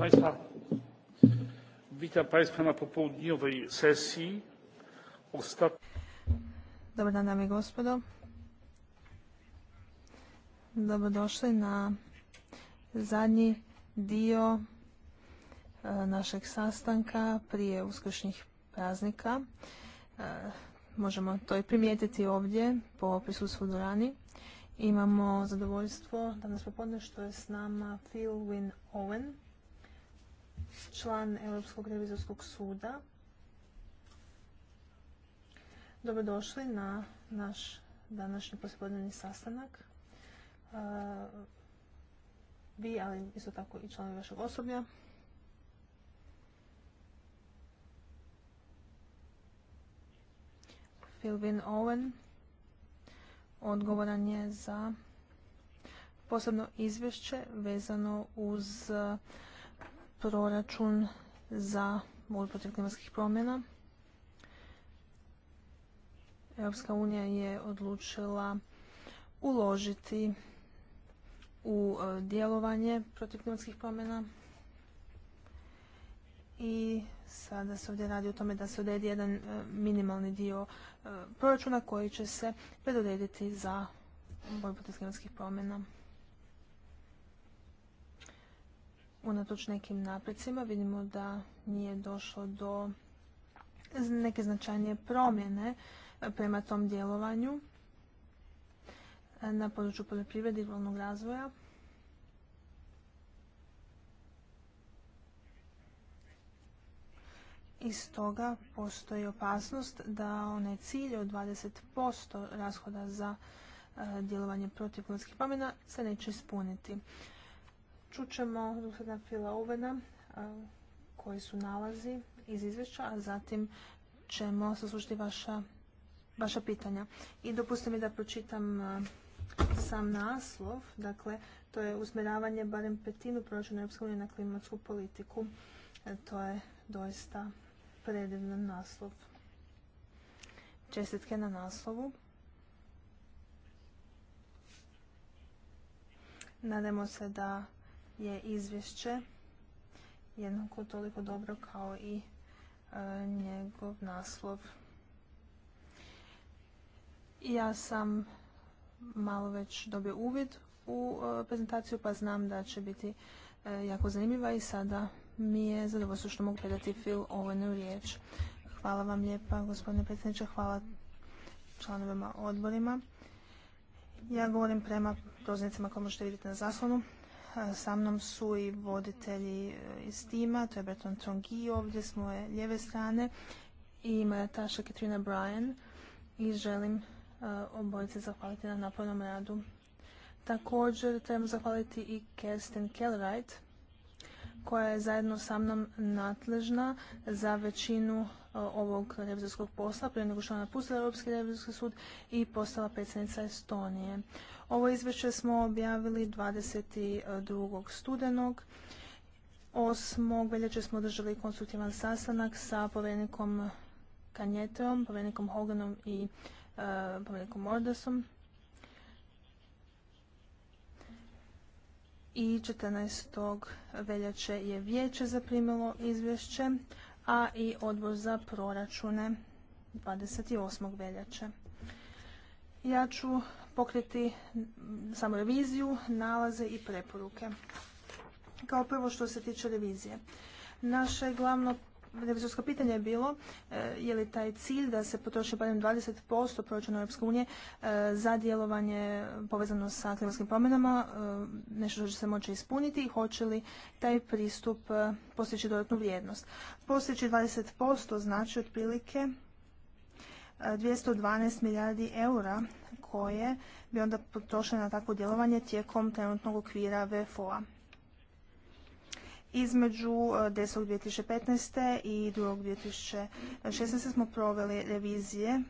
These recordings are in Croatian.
Państwa, witam Państwa na popołudniowej sesji. Ostat... Dobry dan, dame i gospodo. došli na zadnji dio e, našeg sastanka prije uskršnjih praznika. E, možemo to i primijetiti ovdje po prisustvu Durani. Imamo zadovoljstvo danas popodne što je s nama Phil Win Owen, član Europskog revizorskog suda. Dobrodošli na naš današnji posljednji sastanak. Uh, vi, ali isto tako i članovi vašeg osoblja. Filvin Owen odgovoran je za posebno izvješće vezano uz proračun za borbu protiv klimatskih promjena. Europska unija je odlučila uložiti u e, djelovanje protiv klimatskih promjena i sada se ovdje radi o tome da se odredi jedan e, minimalni dio e, proračuna koji će se predodrediti za borbu protiv klimatskih promjena. unatoč nekim naprecima vidimo da nije došlo do neke značajnije promjene e, prema tom djelovanju e, na području poljoprivrede i ruralnog razvoja. I stoga postoji opasnost da one cilje od 20% rashoda za e, djelovanje protiv klimatskih promjena se neće ispuniti. Čućemo gospodina Fila Uvena koji su nalazi iz izvješća, a zatim ćemo saslušati vaša, vaša pitanja. I dopustite mi da pročitam sam naslov, dakle to je usmjeravanje barem petinu proračuna EU na klimatsku politiku. E, to je doista predivan naslov. Čestitke na naslovu. Nadamo se da je izvješće jednako toliko dobro kao i e, njegov naslov. Ja sam malo već dobio uvid u e, prezentaciju pa znam da će biti e, jako zanimljiva i sada mi je zadovoljstvo što mogu predati Phil Ovenu riječ. Hvala vam lijepa gospodine predsjedniče, hvala članovima odborima. Ja govorim prema proznicama koje možete vidjeti na zaslonu sa mnom su i voditelji e, iz tima, to je Berton Trongi ovdje s moje lijeve strane i moja taša Katrina Bryan i želim e, obojice zahvaliti na napornom radu. Također trebamo zahvaliti i Kerstin Kellwright koja je zajedno sa mnom natležna za većinu e, ovog revizorskog posla prije nego što je napustila Europski revizorski sud i postala predsjednica Estonije. Ovo izvješće smo objavili 22. studenog. 8. veljače smo održali konstruktivan sastanak sa povjerenikom Kanjeteom, povjerenikom Hoganom i e, povjerenikom Mordasom. I 14. veljače je vijeće zaprimilo izvješće, a i odbor za proračune 28. veljače. Ja ću pokriti samo reviziju, nalaze i preporuke. Kao prvo što se tiče revizije. Naše glavno revizorsko pitanje je bilo e, je li taj cilj da se potroši barem 20% proračuna Europske unije e, za djelovanje povezano sa klimatskim promjenama, e, nešto što će se moći ispuniti i hoće li taj pristup postići dodatnu vrijednost. Postići 20% znači otprilike 212 milijardi eura koje bi onda potrošile na takvo djelovanje tijekom trenutnog okvira VFO-a. Između 10.2015. E, i 2.2016. smo proveli revizije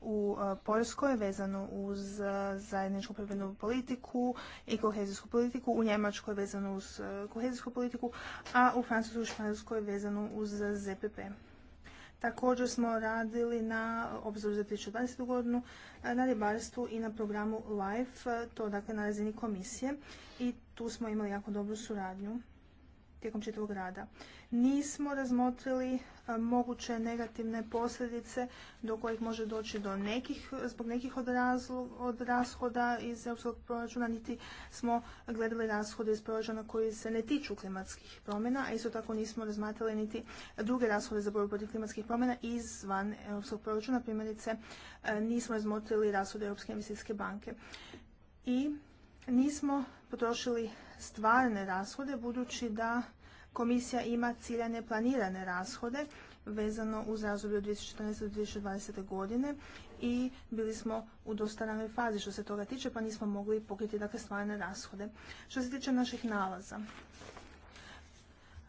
u e, Poljskoj vezano uz e, zajedničku poljoprivrednu politiku i kohezijsku politiku, u Njemačkoj vezano uz kohezijsku politiku, a u Francuskoj i Španjolskoj vezano uz ZPP. Također smo radili na obzoru za 2020. godinu e, na ribarstvu i na programu LIFE, e, to dakle na razini komisije i tu smo imali jako dobru suradnju tijekom čitavog rada. Nismo razmotrili e, moguće negativne posljedice do kojih može doći do nekih, zbog nekih od, razlog, od rashoda iz europskog proračuna, niti smo gledali rashode iz proračuna koji se ne tiču klimatskih promjena, a isto tako nismo razmatrali niti druge rashode za borbu protiv klimatskih promjena izvan europskog proračuna, primjerice e, nismo razmotrili rashode Europske investicijske banke. I nismo potrošili stvarne rashode budući da komisija ima ciljane planirane rashode vezano uz razdoblje od 2014. do 2020. godine i bili smo u dosta ranoj fazi što se toga tiče pa nismo mogli pokriti dakle stvarne rashode. Što se tiče naših nalaza,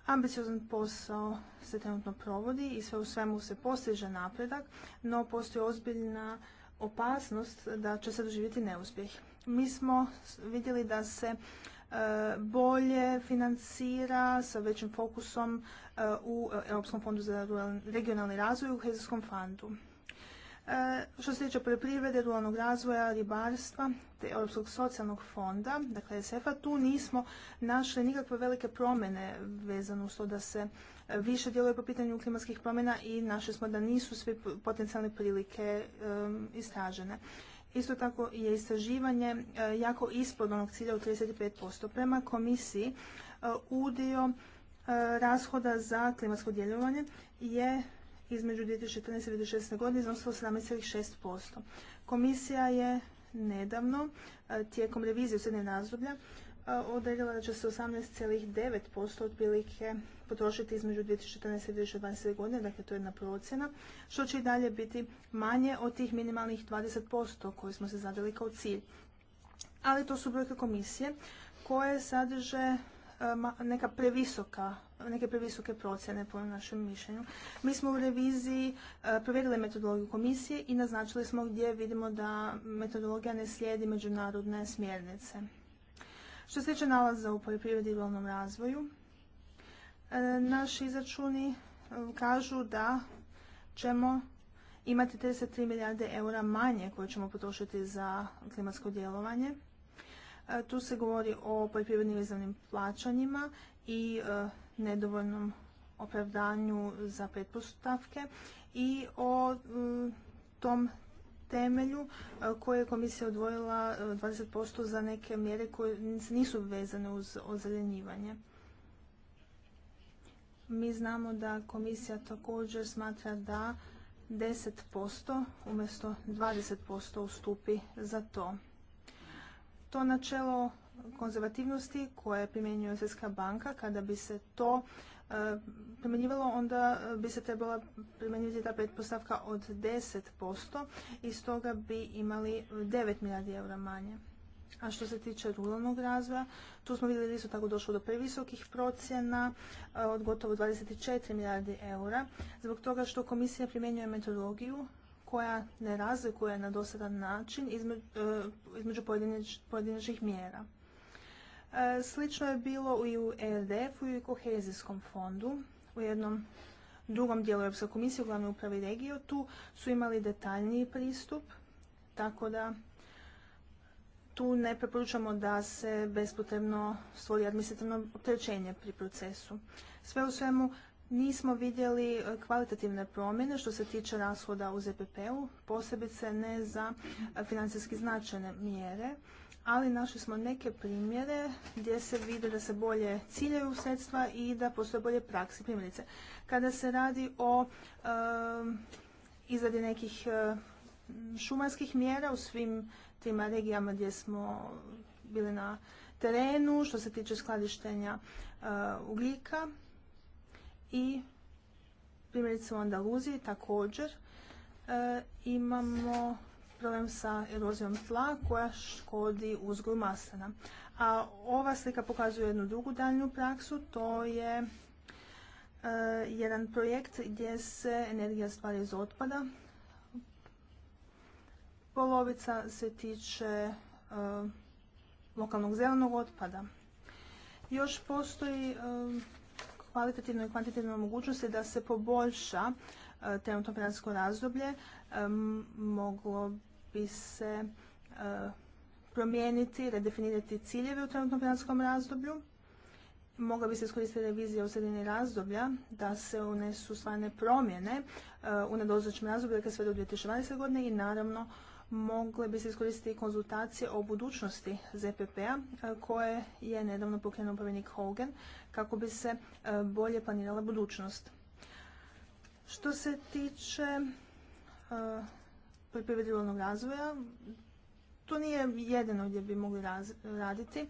Ambiciozan posao se trenutno provodi i sve u svemu se postiže napredak, no postoji ozbiljna opasnost da će se doživjeti neuspjeh. Mi smo vidjeli da se bolje financira sa većim fokusom eh, u eh, Europskom fondu za regionalni razvoj u Hezijskom fondu. Eh, što se tiče poljoprivrede, ruralnog razvoja, ribarstva te Europskog socijalnog fonda, dakle SF-a, tu nismo našli nikakve velike promjene vezano uz to da se više djeluje po pitanju klimatskih promjena i našli smo da nisu sve potencijalne prilike istražene. Isto tako je istraživanje e, jako ispod onog cilja u 35%. Prema komisiji e, udio e, rashoda za klimatsko djelovanje je između 2014. i 2016. godine iznosilo 17,6%. Komisija je nedavno tijekom revizije u razdoblja odredila da će se 18,9% otprilike potrošiti između 2014. i 2020. godine, dakle to je jedna procjena, što će i dalje biti manje od tih minimalnih 20% koje smo se zadali kao cilj. Ali to su brojke komisije koje sadrže e, neka previsoka neke previsoke procjene po našem mišljenju. Mi smo u reviziji e, provjerili metodologiju komisije i naznačili smo gdje vidimo da metodologija ne slijedi međunarodne smjernice. Što se tiče nalaza u poljoprivredi i ruralnom razvoju, e, naši izračuni e, kažu da ćemo imati 33 milijarde eura manje koje ćemo potrošiti za klimatsko djelovanje. E, tu se govori o poljoprivrednim izravnim plaćanjima i nedovoljnom opravdanju za pretpostavke i o tom temelju e, koje je komisija odvojila 20% e, za neke mjere koje nisu vezane uz ozelenjivanje. Mi znamo da komisija također smatra da 10% umjesto 20% ustupi za to. To načelo konzervativnosti koje primjenjuje Svjetska banka, kada bi se to E, primjenjivalo, onda bi se trebala primjenjivati ta pretpostavka od 10% i stoga bi imali 9 milijardi eura manje. A što se tiče ruralnog razvoja, tu smo vidjeli da isto tako došlo do previsokih procjena e, od gotovo 24 milijardi eura, zbog toga što komisija primjenjuje metodologiju koja ne razlikuje na dosadan način e, između pojedinačnih mjera. Slično je bilo i u ERDF-u i u kohezijskom fondu u jednom drugom dijelu Europske komisije, u glavnoj upravi regio. Tu su imali detaljniji pristup, tako da tu ne preporučamo da se bespotrebno stvori administrativno opterećenje pri procesu. Sve u svemu nismo vidjeli e, kvalitativne promjene što se tiče rashoda u ZPP-u, posebice ne za e, financijski značajne mjere ali našli smo neke primjere gdje se vide da se bolje ciljaju sredstva i da postoje bolje praksi primjerice. Kada se radi o izradi nekih šumarskih mjera u svim tima regijama gdje smo bili na terenu, što se tiče skladištenja eh, ugljika i primjerice u Andaluziji također eh, imamo problem sa erozijom tla koja škodi uzgoju maslina. A ova slika pokazuje jednu drugu daljnju praksu, to je e, jedan projekt gdje se energija stvara iz otpada. Polovica se tiče e, lokalnog zelenog otpada. Još postoji e, kvalitativno i kvantitivno mogućnosti da se poboljša trenutno financijsko razdoblje moglo bi se e, promijeniti, redefinirati ciljeve u trenutnom financijskom razdoblju. Mogla bi se iskoristiti revizija u sredini razdoblja da se unesu stvarne promjene e, u nedozočnom razdoblju, dakle sve do 2020. godine i naravno mogle bi se iskoristiti konzultacije o budućnosti ZPP-a e, koje je nedavno pokrenuo povjerenik Hogan kako bi se bolje planirala budućnost. Što se tiče poljoprivredi razvoja. To nije jedino gdje bi mogli raditi.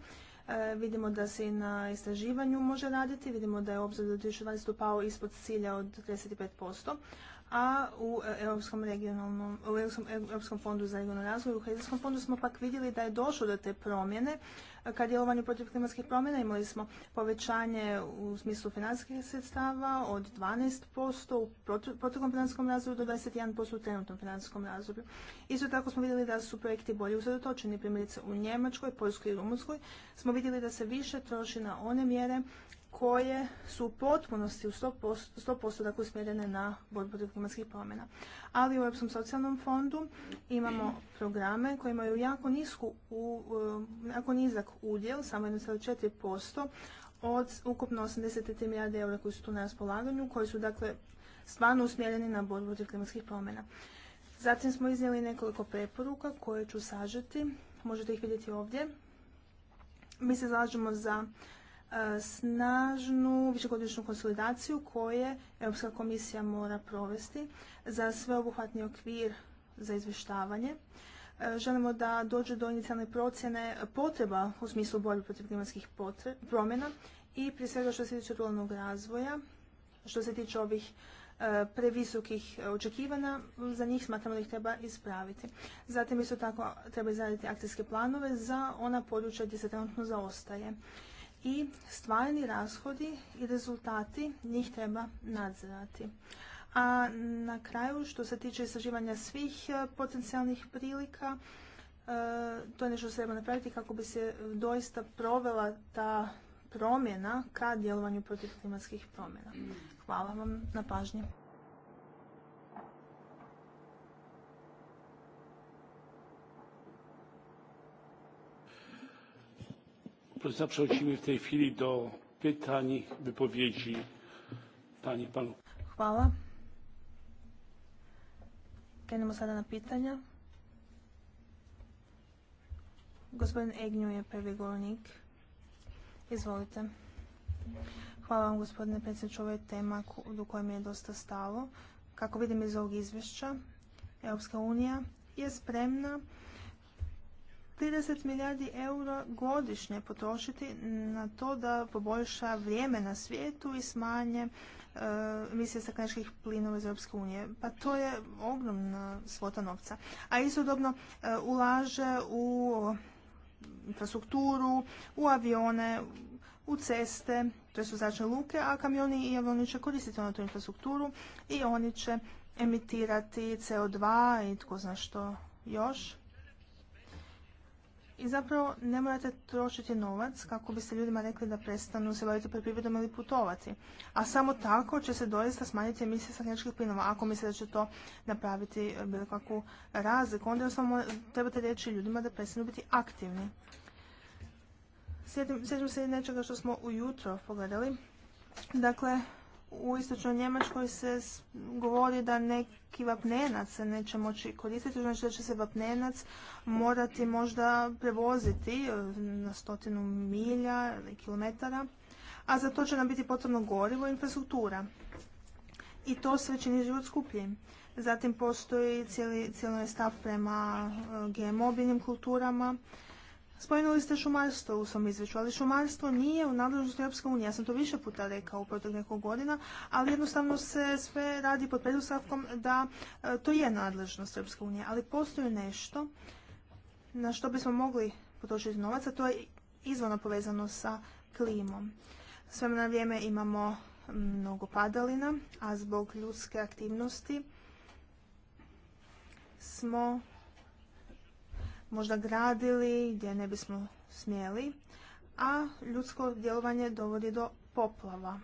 E, vidimo da se i na istraživanju može raditi, vidimo da je obzor do 2020. pao ispod cilja od 35%, a u e, Europskom, regionalnom, Europskom, fondu za regionalni razvoj, u Hrvatskom fondu smo pak vidjeli da je došlo do te promjene ka djelovanju protiv klimatskih promjena. Imali smo povećanje u smislu financijskih sredstava od 12% u proteklom financijskom razdoblju do 21% u trenutnom financijskom razdoblju. Isto tako smo vidjeli da su projekti bolje usredotočeni, primjerice u Njemačkoj, Poljskoj i Rumunskoj. Smo vidjeli da se više troši na one mjere koje su u potpunosti u 100%, 100 dakle, usmjerene na borbu protiv klimatskih promjena ali u Europskom socijalnom fondu imamo programe koji imaju jako, nisku, e, jako nizak udjel, samo 1,4% od ukupno 83 milijarde eura koji su tu na raspolaganju, koji su dakle stvarno usmjereni na borbu protiv klimatskih promjena. Zatim smo iznijeli nekoliko preporuka koje ću sažeti, možete ih vidjeti ovdje. Mi se zalažemo za E, snažnu višegodišnju konsolidaciju koje Europska komisija mora provesti za sveobuhvatni okvir za izvještavanje. E, želimo da dođe do inicijalne procjene potreba u smislu borbe protiv klimatskih promjena i prije svega što se tiče ruralnog razvoja, što se tiče ovih e, previsokih očekivanja, za njih smatramo da ih treba ispraviti. Zatim isto tako treba izraditi akcijske planove za ona područja gdje se trenutno zaostaje i stvarni rashodi i rezultati njih treba nadzirati. A na kraju, što se tiče istraživanja svih e, potencijalnih prilika, e, to je nešto što treba napraviti kako bi se doista provela ta promjena ka djelovanju protiv klimatskih promjena. Hvala vam na pažnji. Proszę przechodzimy w tej chwili do pytań, wypowiedzi Pani Panów. Hvala. Krenemo sada na pitanja. Gospodin Egnju je prvi govornik. Izvolite. Hvala vam gospodine predsjedniče, ovo je tema do koje mi je dosta stalo. Kako vidim iz ovog izvješća, Europska unija je spremna 30 milijardi eura godišnje potrošiti na to da poboljša vrijeme na svijetu i smanje eh, emisije stakleničkih plinova iz Europske unije. Pa to je ogromna svota novca. A istodobno eh, ulaže u infrastrukturu, u avione, u ceste, to su zračne luke, a kamioni i avioni će koristiti onu tu infrastrukturu i oni će emitirati CO2 i tko zna što još. I zapravo ne morate trošiti novac kako biste ljudima rekli da prestanu se baviti poljoprivredom ili putovati. A samo tako će se doista smanjiti emisije stakleničkih plinova. Ako mislite da će to napraviti eh, bilo kakvu razliku, onda samo trebate reći ljudima da prestanu biti aktivni. Sjećam se nečega što smo ujutro pogledali. Dakle, u istočnoj Njemačkoj se govori da neki vapnenac se neće moći koristiti, znači da će se vapnenac morati možda prevoziti e, na stotinu milja ili kilometara, a za to će nam biti potrebno gorivo i infrastruktura. I to sve čini život skuplji. Zatim postoji cijeli, cijeli stav prema e, GMO biljnim kulturama, Spomenuli ste šumarstvo u svom izveću, ali šumarstvo nije u nadležnosti Europske unije. Ja sam to više puta rekao u proteklih nekoliko godina, ali jednostavno se sve radi pod predustavkom da e, to je nadležnost Europske unije. Ali postoji nešto na što bismo mogli potrošiti novaca, to je izvano povezano sa klimom. Sve na vrijeme imamo mnogo padalina, a zbog ljudske aktivnosti smo možda gradili gdje ne bismo smjeli, a ljudsko djelovanje dovodi do poplava.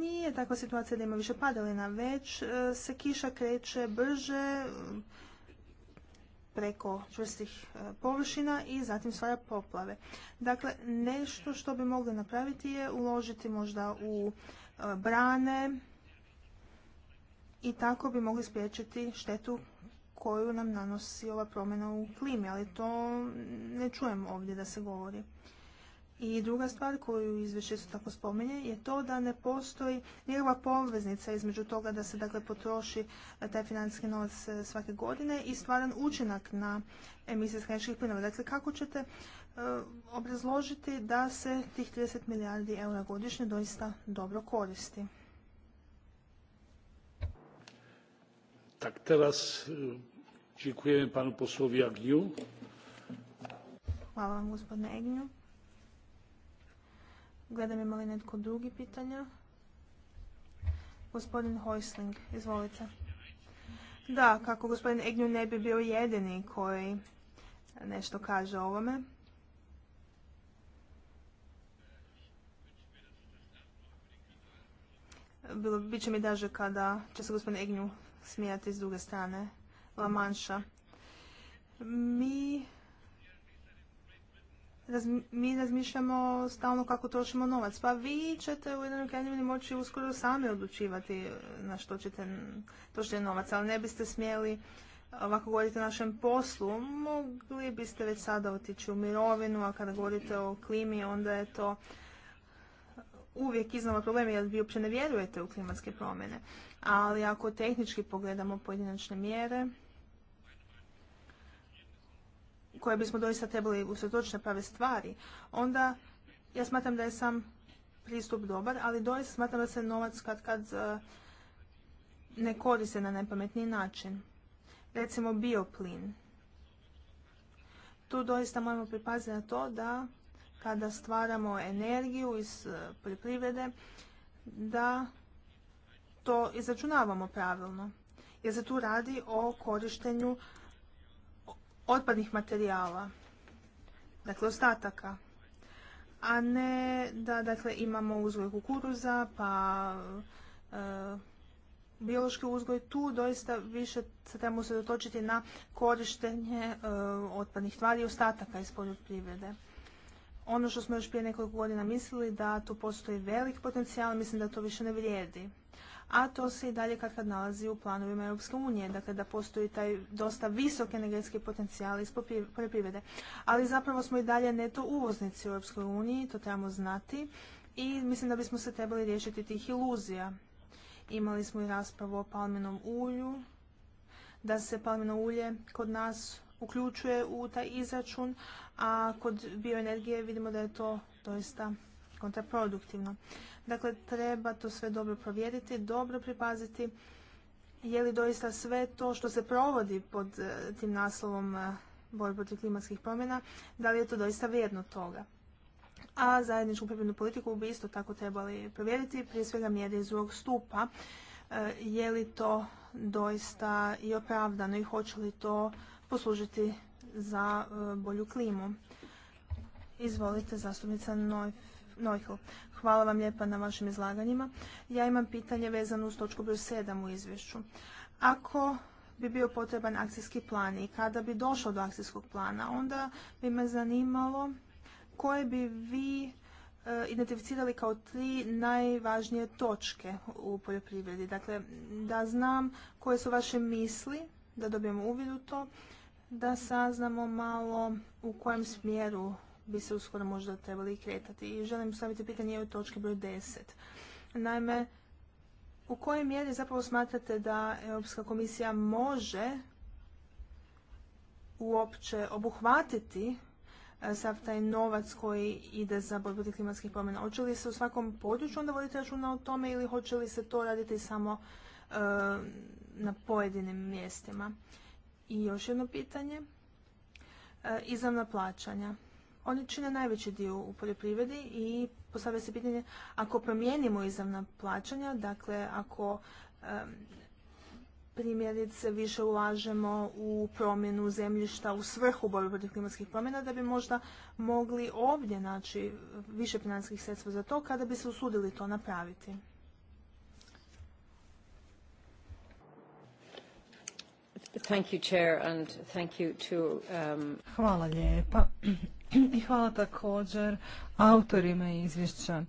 Nije takva situacija da ima više padalina, već e, se kiša kreće brže preko čvrstih e, površina i zatim stvara poplave. Dakle, nešto što bi mogli napraviti je uložiti možda u e, brane i tako bi mogli spriječiti štetu koju nam nanosi ova promjena u klimi, ali to ne čujem ovdje da se govori. I druga stvar koju izvješće su tako spominje je to da ne postoji nikakva poveznica između toga da se dakle potroši e, taj financijski novac e, svake godine i stvaran učinak na emisije skleničkih plinova. Dakle, kako ćete e, obrazložiti da se tih 30 milijardi eura godišnje doista dobro koristi? Tak teraz Dziękujemy panu posłowi Agniu. Hvala vam gospodine Egnju. Gledam ima li netko drugi pitanja. Gospodin Hojsling, izvolite. Da, kako gospodin Egnju ne bi bio jedini koji nešto kaže o ovome. Bilo, bit će mi daže kada će se gospodin Egnju smijati s druge strane. Lamanša. Mi mi razmišljamo stalno kako trošimo novac. Pa vi ćete u jednom krajini moći uskoro sami odlučivati e, na što ćete trošiti novac, ali ne biste smjeli e, ovako govorite o našem poslu, mogli biste već sada otići u mirovinu, a kada govorite o klimi, onda je to uvijek iznova problem jer vi uopće ne vjerujete u klimatske promjene. Ali ako tehnički pogledamo pojedinačne mjere koje bismo doista trebali usredočiti na prave stvari, onda ja smatram da je sam pristup dobar, ali doista smatram da se novac kad kad e, ne koriste na najpametniji način. Recimo bioplin. Tu doista moramo pripaziti na to da kada stvaramo energiju iz e, poljoprivrede, da to izračunavamo pravilno. Jer se tu radi o korištenju otpadnih materijala, dakle ostataka, a ne da dakle, imamo uzgoj kukuruza, pa e, biološki uzgoj. Tu doista više se trebamo se dotočiti na korištenje e, otpadnih tvari i ostataka iz poljoprivrede ono što smo još prije nekoliko godina mislili da tu postoji velik potencijal, mislim da to više ne vrijedi. A to se i dalje kad nalazi u planovima Europske unije, dakle da postoji taj dosta visok energetski potencijal iz poljoprivrede. Ali zapravo smo i dalje neto uvoznici u Europskoj uniji, to trebamo znati i mislim da bismo se trebali riješiti tih iluzija. Imali smo i raspravu o palminom ulju, da se palmino ulje kod nas uključuje u taj izračun, a kod bioenergije vidimo da je to doista kontraproduktivno. Dakle, treba to sve dobro provjeriti, dobro pripaziti je li doista sve to što se provodi pod e, tim naslovom e, borbe protiv klimatskih promjena, da li je to doista vrijedno toga. A zajedničku poljoprivrednu politiku bi isto tako trebali provjeriti, prije svega mjere iz drugog stupa, e, je li to doista i opravdano i hoće li to poslužiti za e, bolju klimu. Izvolite, zastupnica Noj. Hvala vam lijepa na vašim izlaganjima. Ja imam pitanje vezano uz točku broj 7 u izvješću. Ako bi bio potreban akcijski plan i kada bi došao do akcijskog plana, onda bi me zanimalo koje bi vi e, identificirali kao tri najvažnije točke u poljoprivredi. Dakle, da znam koje su vaše misli, da dobijemo uvid u to da saznamo malo u kojem smjeru bi se uskoro možda trebali kretati. I želim staviti pitanje u točki broj 10. Naime, u kojoj mjeri zapravo smatrate da Europska komisija može uopće obuhvatiti e, sav taj novac koji ide za borbu klimatskih promjena? Hoće li se u svakom području onda voditi računa o tome ili hoće li se to raditi samo e, na pojedinim mjestima? I još jedno pitanje, e, izravna plaćanja. Oni čine najveći dio u poljoprivredi i postavlja se pitanje ako promijenimo izravna plaćanja, dakle ako primjerice više ulažemo u promjenu zemljišta u svrhu borbe protiv klimatskih promjena da bi možda mogli ovdje naći više financijskih sredstva za to kada bi se usudili to napraviti. Um, hvala lijepa. I hvala također autorima izvješća.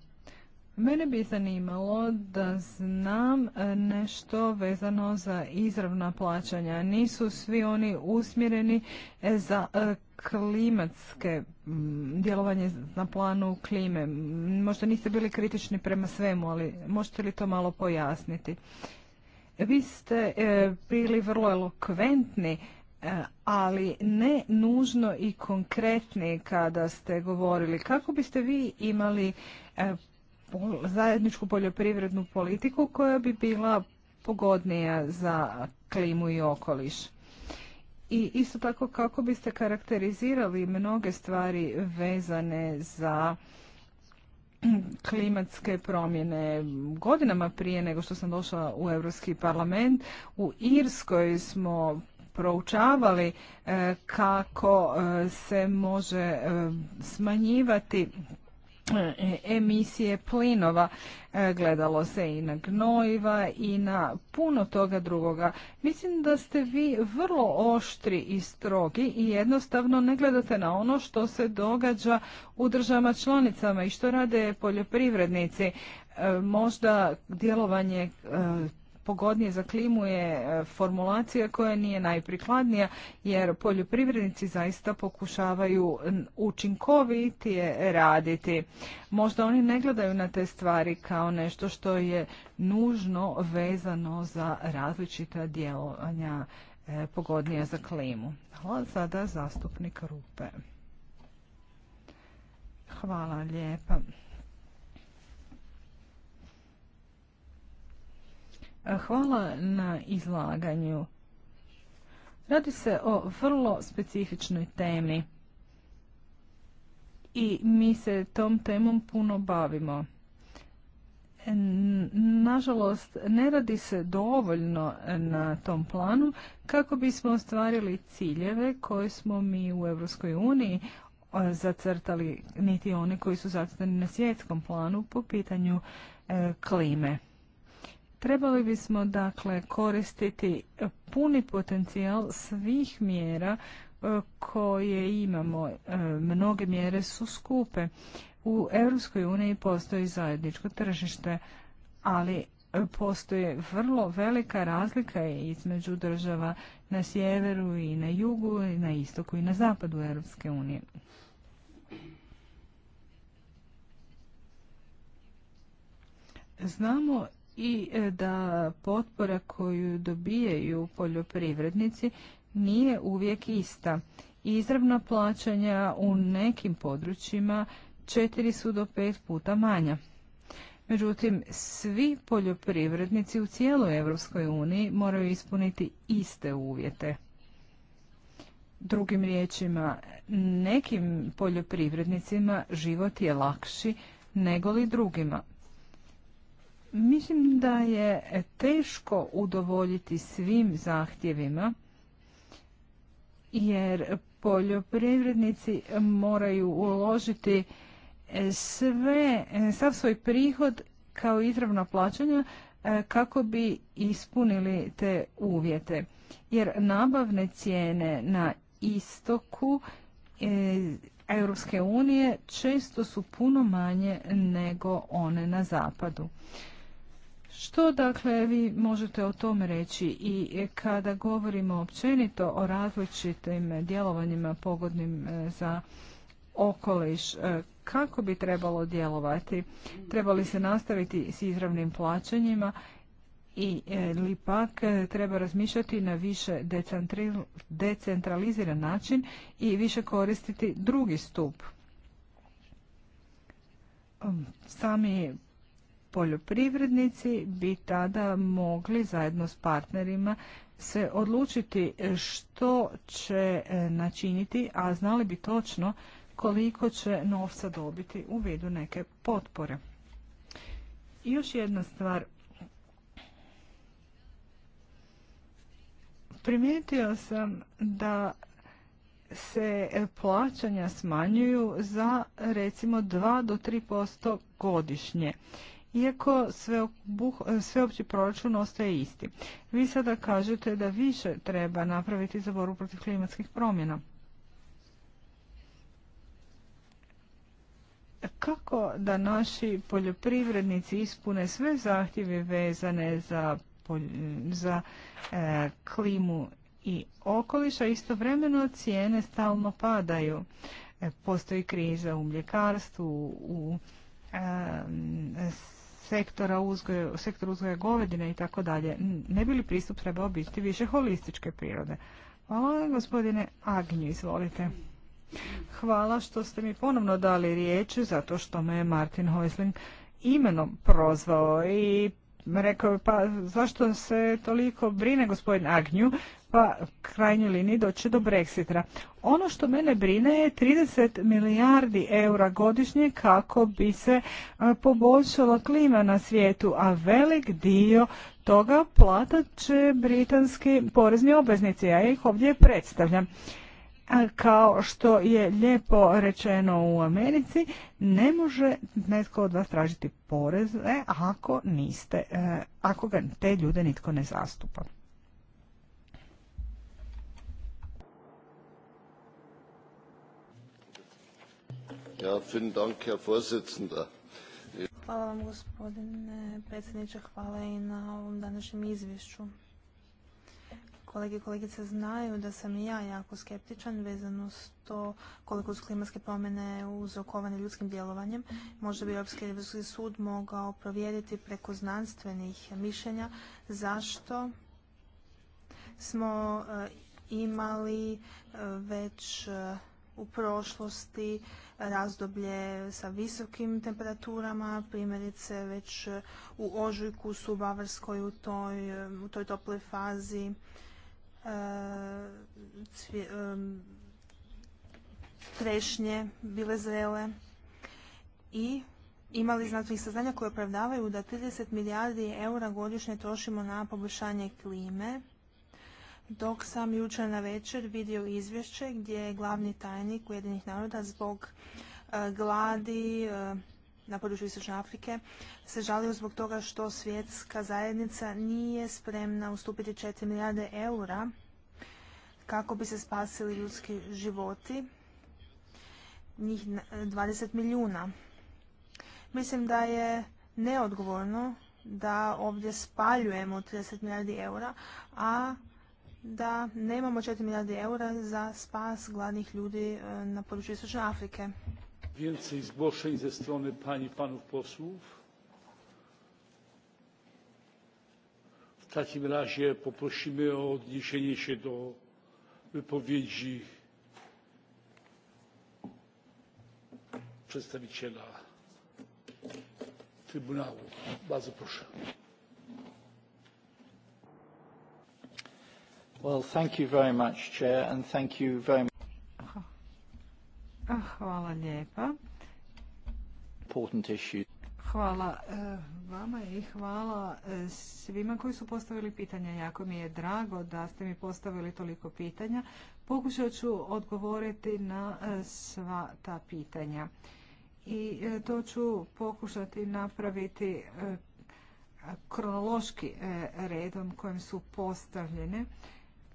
Mene bi zanimalo da znam e, nešto vezano za izravna plaćanja. Nisu svi oni usmjereni e, za e, klimatske djelovanje na planu klime. Možda niste bili kritični prema svemu, ali možete li to malo pojasniti? Vi ste e, bili vrlo elokventni, e, ali ne nužno i konkretni kada ste govorili. Kako biste vi imali e, zajedničku poljoprivrednu politiku koja bi bila pogodnija za klimu i okoliš? I isto tako kako biste karakterizirali mnoge stvari vezane za klimatske promjene. Godinama prije nego što sam došla u Europski parlament, u Irskoj smo proučavali eh, kako eh, se može eh, smanjivati E, emisije plinova. E, gledalo se i na gnojiva i na puno toga drugoga. Mislim da ste vi vrlo oštri i strogi i jednostavno ne gledate na ono što se događa u državama članicama i što rade poljoprivrednici. E, možda djelovanje pogodnije za klimu je e, formulacija koja nije najprikladnija jer poljoprivrednici zaista pokušavaju učinkovitije raditi. Možda oni ne gledaju na te stvari kao nešto što je nužno vezano za različita djelovanja e, pogodnija za klimu. Hvala sada zastupnik Rupe. Hvala lijepa. Hvala na izlaganju. Radi se o vrlo specifičnoj temi i mi se tom temom puno bavimo. Nažalost, ne radi se dovoljno na tom planu kako bismo ostvarili ciljeve koje smo mi u EU uniji zacrtali, niti one koji su zacrtani na svjetskom planu po pitanju e, klime. Trebali bismo dakle koristiti puni potencijal svih mjera e, koje imamo. E, mnoge mjere su skupe. U Europskoj uniji postoji zajedničko tržište, ali e, postoje vrlo velika razlika između država na sjeveru i na jugu i na istoku i na zapadu Europske unije. Znamo i e, da potpora koju dobijaju poljoprivrednici nije uvijek ista. Izravna plaćanja u nekim područjima četiri su do pet puta manja. Međutim, svi poljoprivrednici u cijeloj Europskoj uniji moraju ispuniti iste uvjete. Drugim riječima, nekim poljoprivrednicima život je lakši nego li drugima. Mislim da je teško udovoljiti svim zahtjevima jer poljoprivrednici moraju uložiti sve, sav svoj prihod kao izravna plaćanja e, kako bi ispunili te uvjete. Jer nabavne cijene na istoku e, Europske unije često su puno manje nego one na zapadu. Što dakle vi možete o tome reći i kada govorimo općenito o različitim djelovanjima pogodnim e, za okoliš, e, kako bi trebalo djelovati? Trebali se nastaviti s izravnim plaćanjima i ili e, pak treba razmišljati na više decentraliziran način i više koristiti drugi stup. Sami poljoprivrednici bi tada mogli zajedno s partnerima se odlučiti što će e, načiniti, a znali bi točno koliko će novca dobiti u vidu neke potpore. još jedna stvar. Primijetio sam da se plaćanja smanjuju za recimo 2 do 3% godišnje iako sveopći proračun ostaje isti. Vi sada kažete da više treba napraviti za boru protiv klimatskih promjena. Kako da naši poljoprivrednici ispune sve zahtjeve vezane za, e, klimu i a istovremeno cijene stalno padaju. E, postoji kriza u mljekarstvu, u sektora uzgoja, sektor uzgoja govedine i tako dalje. Ne bi li pristup trebao biti više holističke prirode? Hvala gospodine Agnju, izvolite. Hvala što ste mi ponovno dali riječ, zato što me je Martin Hoisling imenom prozvao i rekao pa zašto se toliko brine gospodin Agnju? pa krajnjoj liniji doći do Brexitra. Ono što mene brine je 30 milijardi eura godišnje kako bi se e, poboljšala klima na svijetu, a velik dio toga platat će britanski porezni obveznici, ja ih ovdje predstavljam. Kao što je lijepo rečeno u Americi, ne može netko od vas tražiti poreze ako niste, e, ako ga te ljude nitko ne zastupa. Hvala vam gospodine predsjedniče, hvala i na ovom današnjem izvješću. Kolege i kolegice znaju da sam i ja jako skeptičan vezano s to koliko su klimatske promjene uzrokovane ljudskim djelovanjem. Možda bi Europski revizorski sud mogao provjeriti preko znanstvenih mišljenja zašto smo e, imali e, već e, u prošlosti razdoblje sa visokim temperaturama, primjerice već u ožujku su u Bavarskoj u toj, u toj toploj fazi e, e, trešnje bile zrele i imali znatnih saznanja koje opravdavaju da 30 milijardi eura godišnje trošimo na poboljšanje klime dok sam jučer na večer vidio izvješće gdje je glavni tajnik Ujedinih naroda zbog e, gladi e, na području Istočne Afrike se žalio zbog toga što svjetska zajednica nije spremna ustupiti 4 milijarde eura kako bi se spasili ljudski životi, njih 20 milijuna. Mislim da je neodgovorno da ovdje spaljujemo 30 milijardi eura, a da nemamo 4 milijarde eura za spas gladnih ljudi e, na području Istočne Afrike. Więcej zgłoszeń ze strony pani panów posłów. W takim razie poprosimy o odniesienie się do wypowiedzi przedstawiciela Trybunału. Bardzo proszę. Well, Hvala lijepa. Hvala eh, vama i hvala eh, svima koji su postavili pitanja. Jako mi je drago da ste mi postavili toliko pitanja. Pokušat ću odgovoriti na eh, sva ta pitanja. I to ću pokušati napraviti kronološki redom kojim su postavljene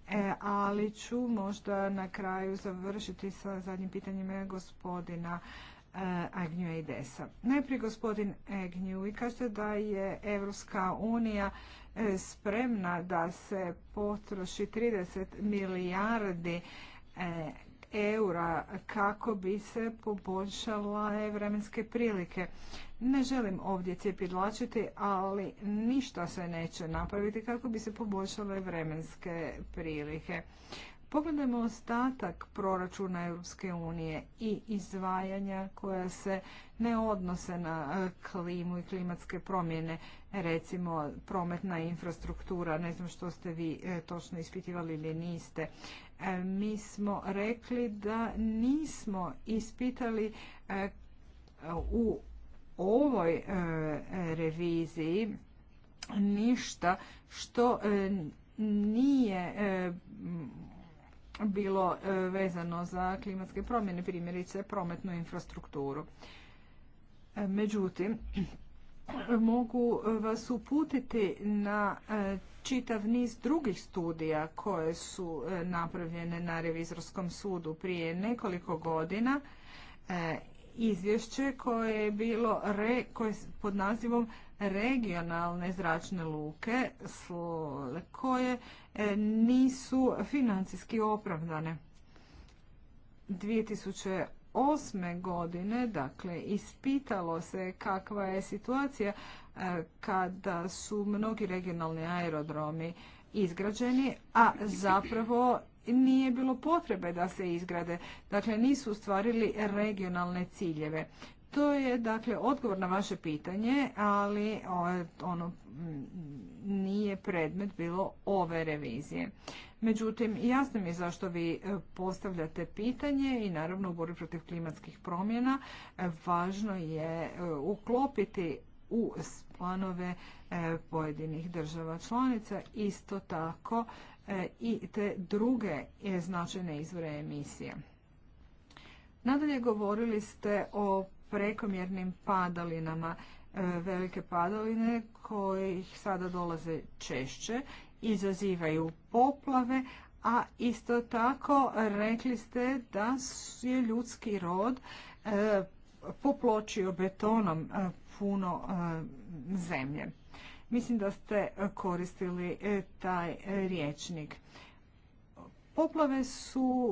E, ali ću možda na kraju završiti sa zadnjim pitanjima gospodina e, i Desa. Najprije gospodin Agnju i kažete da je Evropska unija e, spremna da se potroši 30 milijardi e, eura kako bi se poboljšala vremenske prilike. Ne želim ovdje cjepidlačiti, ali ništa se neće napraviti kako bi se poboljšale vremenske prilike. Pogledajmo ostatak proračuna Europske unije i izdvajanja koja se ne odnose na e, klimu i klimatske promjene, recimo prometna infrastruktura, ne znam što ste vi e, točno ispitivali ili niste, E, mi smo rekli da nismo ispitali e, u ovoj e, reviziji ništa što nije bilo vezano za klimatske promjene, primjerice prometnu infrastrukturu. Međutim, mogu vas uputiti na čitav niz drugih studija koje su e, napravljene na revizorskom sudu prije nekoliko godina. E, izvješće koje je bilo koje pod nazivom regionalne zračne luke koje e, nisu financijski opravdane. 2008. godine, dakle, ispitalo se kakva je situacija kada su mnogi regionalni aerodromi izgrađeni, a zapravo nije bilo potrebe da se izgrade. Dakle, nisu ostvarili regionalne ciljeve. To je dakle odgovor na vaše pitanje, ali ono nije predmet bilo ove revizije. Međutim, jasno mi je zašto vi e, postavljate pitanje i naravno u borbi protiv klimatskih promjena e, važno je e, uklopiti u planove e, pojedinih država članica, isto tako e, i te druge e, značajne izvore emisije. Nadalje govorili ste o prekomjernim padalinama, velike padaline kojih sada dolaze češće, izazivaju poplave, a isto tako rekli ste da je ljudski rod popločio betonom puno e, zemlje. Mislim da ste koristili e, taj e, riječnik. Poplave su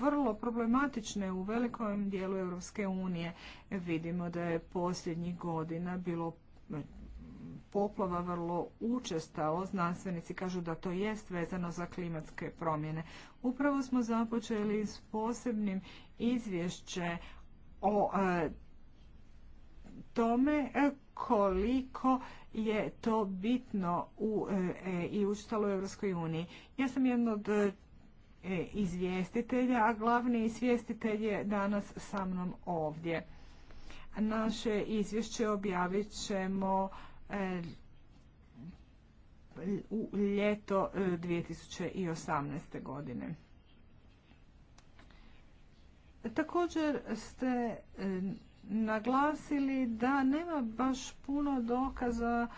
vrlo problematične u velikom dijelu Europske unije. Vidimo da je posljednjih godina bilo poplava vrlo učestao. Znanstvenici kažu da to jest vezano za klimatske promjene. Upravo smo započeli s posebnim izvješće o tome e, koliko je to bitno u, e, e, i učitalo u Europskoj uniji. Ja sam jedna od e, izvjestitelja, a glavni izvjestitelj je danas sa mnom ovdje. Naše izvješće objavit ćemo u ljeto 2018. godine. Također ste naglasili da nema baš puno dokaza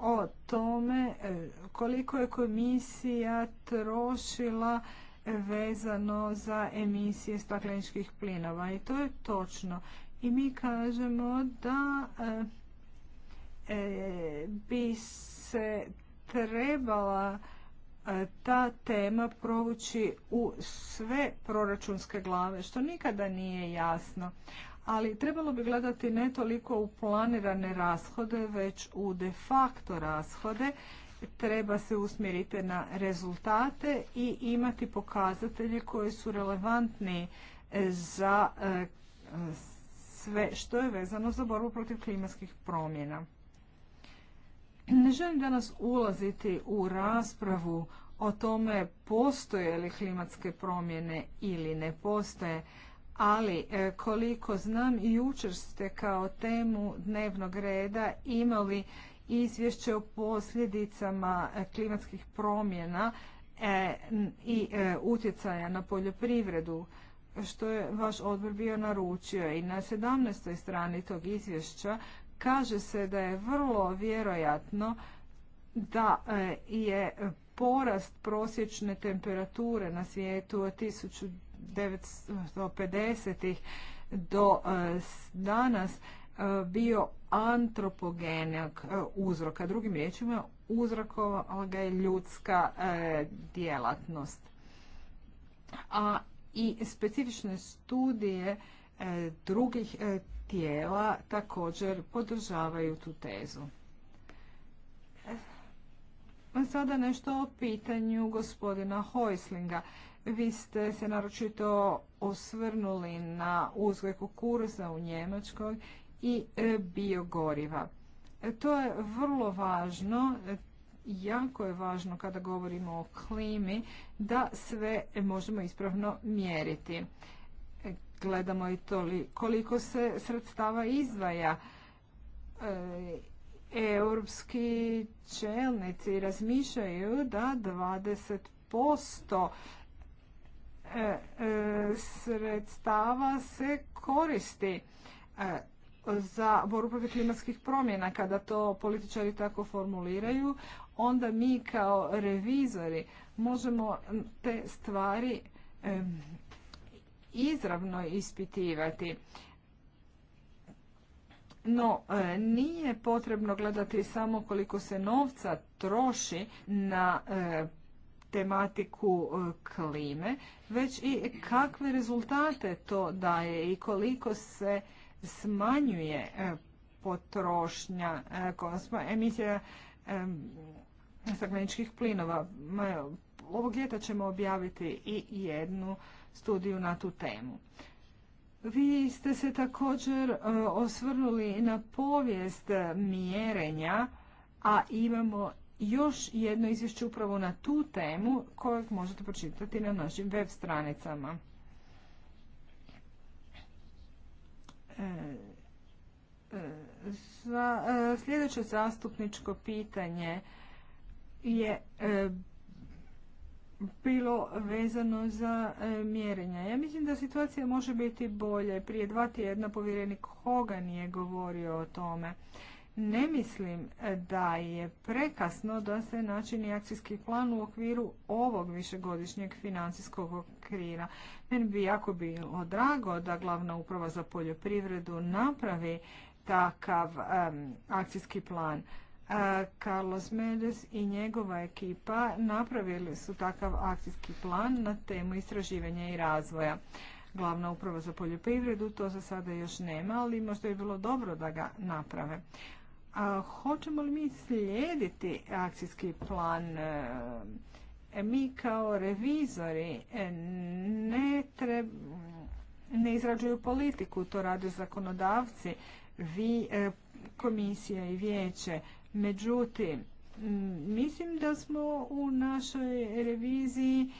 o tome e, koliko je komisija trošila vezano za emisije stakleničkih plinova i to je točno. I mi kažemo da e, e, bi se trebala ta tema provući u sve proračunske glave, što nikada nije jasno ali trebalo bi gledati ne toliko u planirane rashode, već u de facto rashode. Treba se usmjeriti na rezultate i imati pokazatelje koji su relevantni za e, sve što je vezano za borbu protiv klimatskih promjena. Ne želim danas ulaziti u raspravu o tome postoje li klimatske promjene ili ne postoje ali e, koliko znam jučer ste kao temu dnevnog reda imali izvješće o posljedicama e, klimatskih promjena e, i utjecaja na poljoprivredu što je vaš odbor bio naručio i na 17. strani tog izvješća kaže se da je vrlo vjerojatno da je porast prosječne temperature na svijetu od 1950-ih do e, danas e, bio antropogenog e, uzroka. Drugim riječima uzrokovala ga je ljudska djelatnost. A i specifične studije drugih tijela također podržavaju tu tezu. Sada nešto o pitanju gospodina Hojslinga. Vi ste se naročito osvrnuli na uzgoj kukuruza u Njemačkoj i e, biogoriva. E, to je vrlo važno, e, jako je važno kada govorimo o klimi da sve možemo ispravno mjeriti. Gledamo i to koliko se sredstava izdvaja. Europski čelnici razmišljaju da 20% E, e, sredstava se koristi e, za borbu protiv klimatskih promjena. Kada to političari tako formuliraju, onda mi kao revizori možemo te stvari izravno ispitivati. No, nije potrebno gledati samo koliko se novca troši na tematiku e, klime, već i kakve rezultate to daje i koliko se smanjuje e, potrošnja, e, emisija stakleničkih plinova. Ovog ljeta ćemo objaviti i jednu studiju na tu temu. Vi ste se također osvrnuli na povijest mjerenja, a imamo još jedno izvješće upravo na tu temu kojeg možete počitati na našim web stranicama. E, e, e, sljedeće zastupničko pitanje je bilo vezano za mjerenja. Ja mislim da situacija može biti bolje. Prije dva tjedna povjerenik Hogan je govorio o tome. Ne mislim e, da je prekasno da se načini akcijski plan u okviru ovog višegodišnjeg financijskog okvira. Meni bi jako bilo drago da glavna uprava za poljoprivredu napravi takav akcijski plan. E, Carlos Mendes i njegova ekipa napravili su takav akcijski plan na temu istraživanja i razvoja. Glavna uprava za poljoprivredu to za sada još nema, ali možda je bilo dobro da ga naprave hoćemo li mi slijediti akcijski plan? E, mi kao revizori e, ne, treba ne izrađuju politiku, to rade zakonodavci, vi, e, komisija i vijeće. Međutim, mislim da smo u našoj reviziji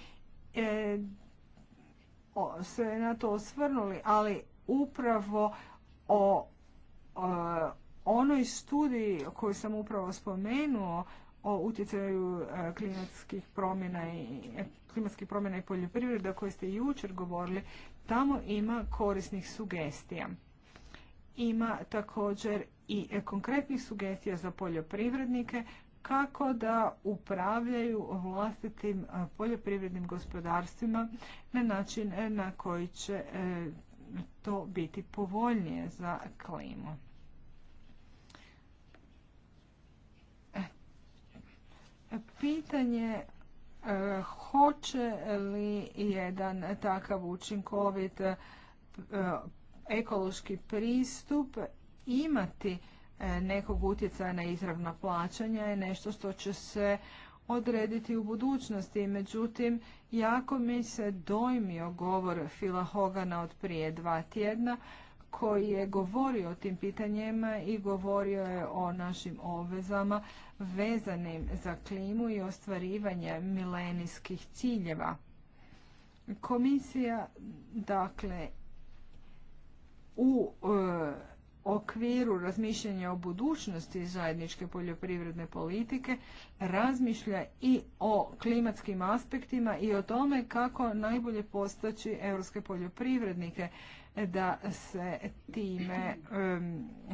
se na to osvrnuli, ali upravo o onoj studiji koju sam upravo spomenuo o utjecaju e, klimatskih promjena i e, klimatskih promjena i poljoprivreda koje ste jučer govorili, tamo ima korisnih sugestija. Ima također i e, konkretnih sugestija za poljoprivrednike kako da upravljaju vlastitim poljoprivrednim gospodarstvima na način na koji će to biti povoljnije za klimu. Pitanje e, hoće li jedan takav učinkovit e, ekološki pristup imati e, nekog utjecaja na izravna plaćanja je nešto što će se odrediti u budućnosti. Međutim, jako mi se dojmio govor Fila Hogana od prije dva tjedna koji je govorio o tim pitanjima i govorio je o našim obvezama vezanim za klimu i ostvarivanje milenijskih ciljeva. Komisija, dakle, u e, okviru razmišljanja o budućnosti zajedničke poljoprivredne politike razmišlja i o klimatskim aspektima i o tome kako najbolje postaći europske poljoprivrednike da se time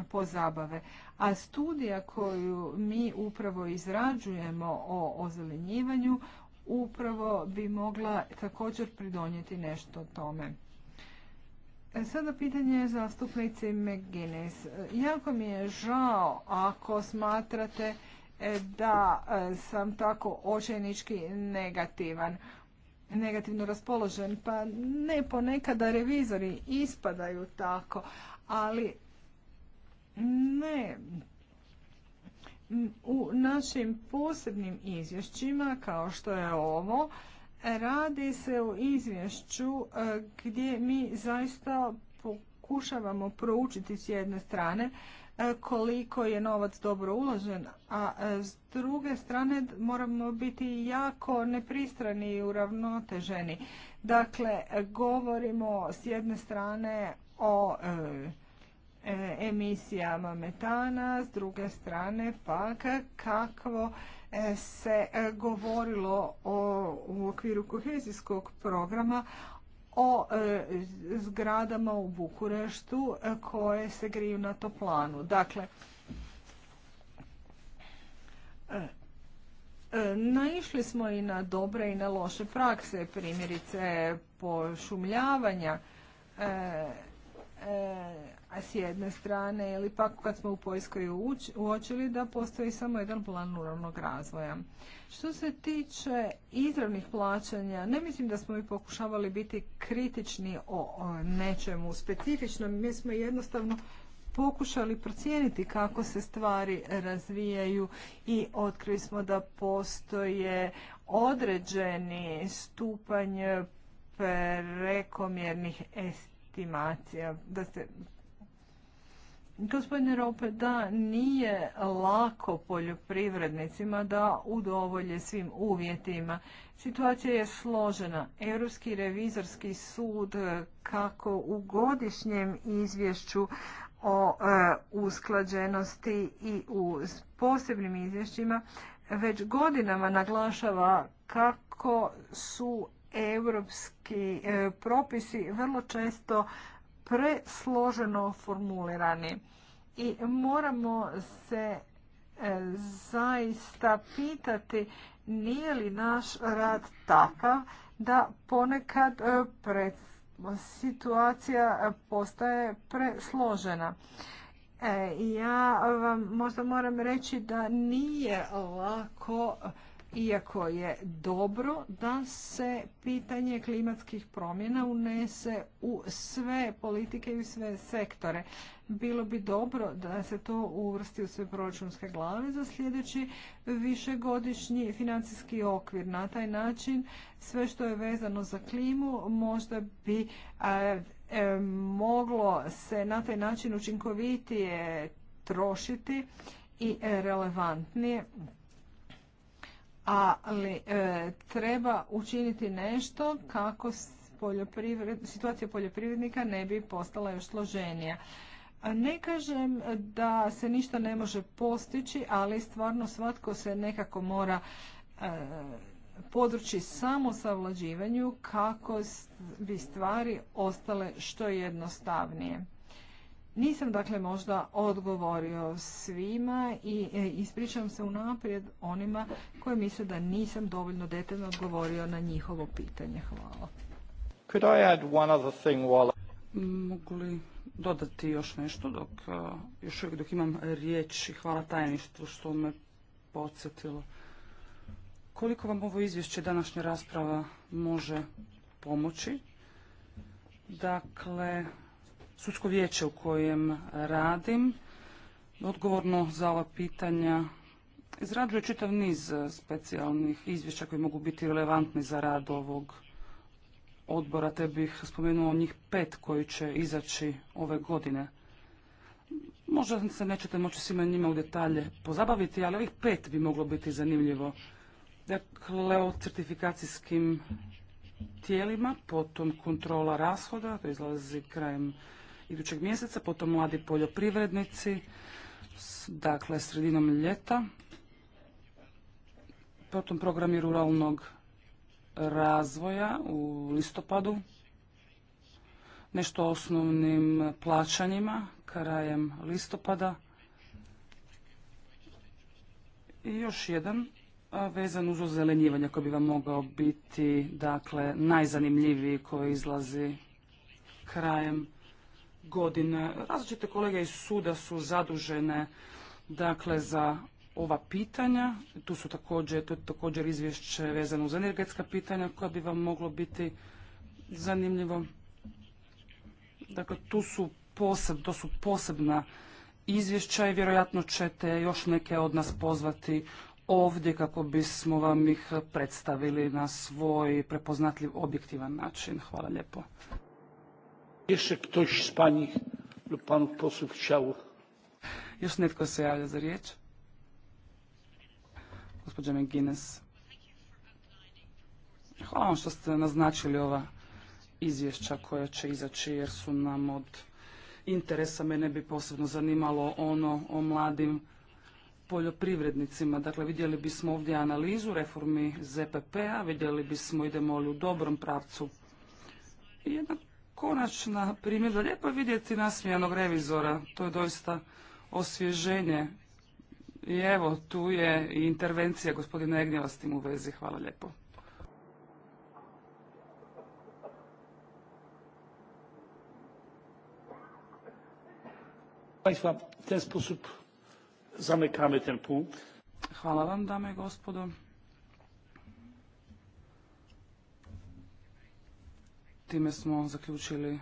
pozabave. A studija koju mi upravo izrađujemo o ozelenjivanju upravo bi mogla također pridonijeti nešto tome. E, sada pitanje je zastupnici McGuinness. E, jako mi je žao ako smatrate e, da sam tako očajnički negativan negativno raspoložen. Pa ne, ponekada revizori ispadaju tako, ali ne. U našim posebnim izvješćima, kao što je ovo, radi se o izvješću e, gdje mi zaista pokušavamo proučiti s jedne strane E, koliko je novac dobro uložen, a e, s druge strane moramo biti jako nepristrani i uravnoteženi. Dakle, govorimo s jedne strane o e, emisijama metana, s druge strane pa kako se govorilo u okviru kohezijskog programa o e, zgradama u Bukureštu e, koje se griju na toplanu. Dakle, e, naišli smo i na dobre i na loše prakse, primjerice pošumljavanja, s jedne strane ili pak kad smo u Poljskoj uočili da postoji samo jedan plan ruralnog razvoja. Što se tiče izravnih plaćanja, ne mislim da smo i pokušavali biti kritični o nečemu specifičnom. Mi smo jednostavno pokušali procijeniti kako se stvari razvijaju i otkrili smo da postoje određeni stupanj prekomjernih estimacija, da se Gospodine Rope, da nije lako poljoprivrednicima da udovolje svim uvjetima. Situacija je složena. Europski revizorski sud eh, kako u godišnjem izvješću o eh, usklađenosti i u posebnim izvješćima već godinama naglašava kako su europski eh, propisi vrlo često presloženo formulirani i moramo se e, zaista pitati nije li naš rad takav da ponekad e, pred situacija postaje presložena. E, ja vam možda moram reći da nije lako iako je dobro da se pitanje klimatskih promjena unese u sve politike i u sve sektore. Bilo bi dobro da se to uvrsti u sve proračunske glave za sljedeći višegodišnji financijski okvir. Na taj način sve što je vezano za klimu možda bi e, moglo se na taj način učinkovitije trošiti i relevantnije ali e, treba učiniti nešto kako situacija poljoprivrednika ne bi postala još složenija. Ne kažem da se ništa ne može postići, ali stvarno svatko se nekako mora e, područji samo savlađivanju kako bi stvari ostale što jednostavnije. Nisam dakle možda odgovorio svima i e, ispričavam se unaprijed onima koji misle da nisam dovoljno detaljno odgovorio na njihovo pitanje. Hvala. Mogu li dodati još nešto dok, e, još uvijek dok imam riječ i hvala tajništvu što me podsjetilo. Koliko vam ovo izvješće današnja rasprava može pomoći? Dakle, Sudsko vijeće u kojem radim, odgovorno za ova pitanja, izrađuje čitav niz specijalnih izvješća koji mogu biti relevantni za rad ovog odbora, te bih spomenuo njih pet koji će izaći ove godine. Možda se nećete moći svima njima u detalje pozabaviti, ali ovih pet bi moglo biti zanimljivo. Dakle, o certifikacijskim tijelima, potom kontrola rashoda, to izlazi krajem idućeg mjeseca, potom mladi poljoprivrednici, dakle sredinom ljeta, potom programi ruralnog razvoja u listopadu, nešto osnovnim plaćanjima krajem listopada i još jedan vezan uz ozelenjivanje koji bi vam mogao biti dakle najzanimljiviji koji izlazi krajem godine. Različite kolege iz suda su zadužene dakle za ova pitanja. Tu su također, to je također izvješće vezano uz energetska pitanja koja bi vam moglo biti zanimljivo. Dakle, tu su poseb, to su posebna izvješća i vjerojatno ćete još neke od nas pozvati ovdje kako bismo vam ih predstavili na svoj prepoznatljiv objektivan način. Hvala lijepo. Jeszcze ktoś z lub panów se javlja za riječ? McGuinness. Hvala vam što ste naznačili ova izvješća koja će izaći jer su nam od interesa. Mene bi posebno zanimalo ono o mladim poljoprivrednicima. Dakle, vidjeli bismo ovdje analizu reformi ZPP-a, vidjeli bismo idemo li u dobrom pravcu konačna primjedba. Lijepo je vidjeti nasmijanog revizora. To je doista osvježenje. I evo, tu je i intervencija gospodina Egnjeva s tim u vezi. Hvala lijepo. Hvala vam, dame i gospodo. Time smo zaključili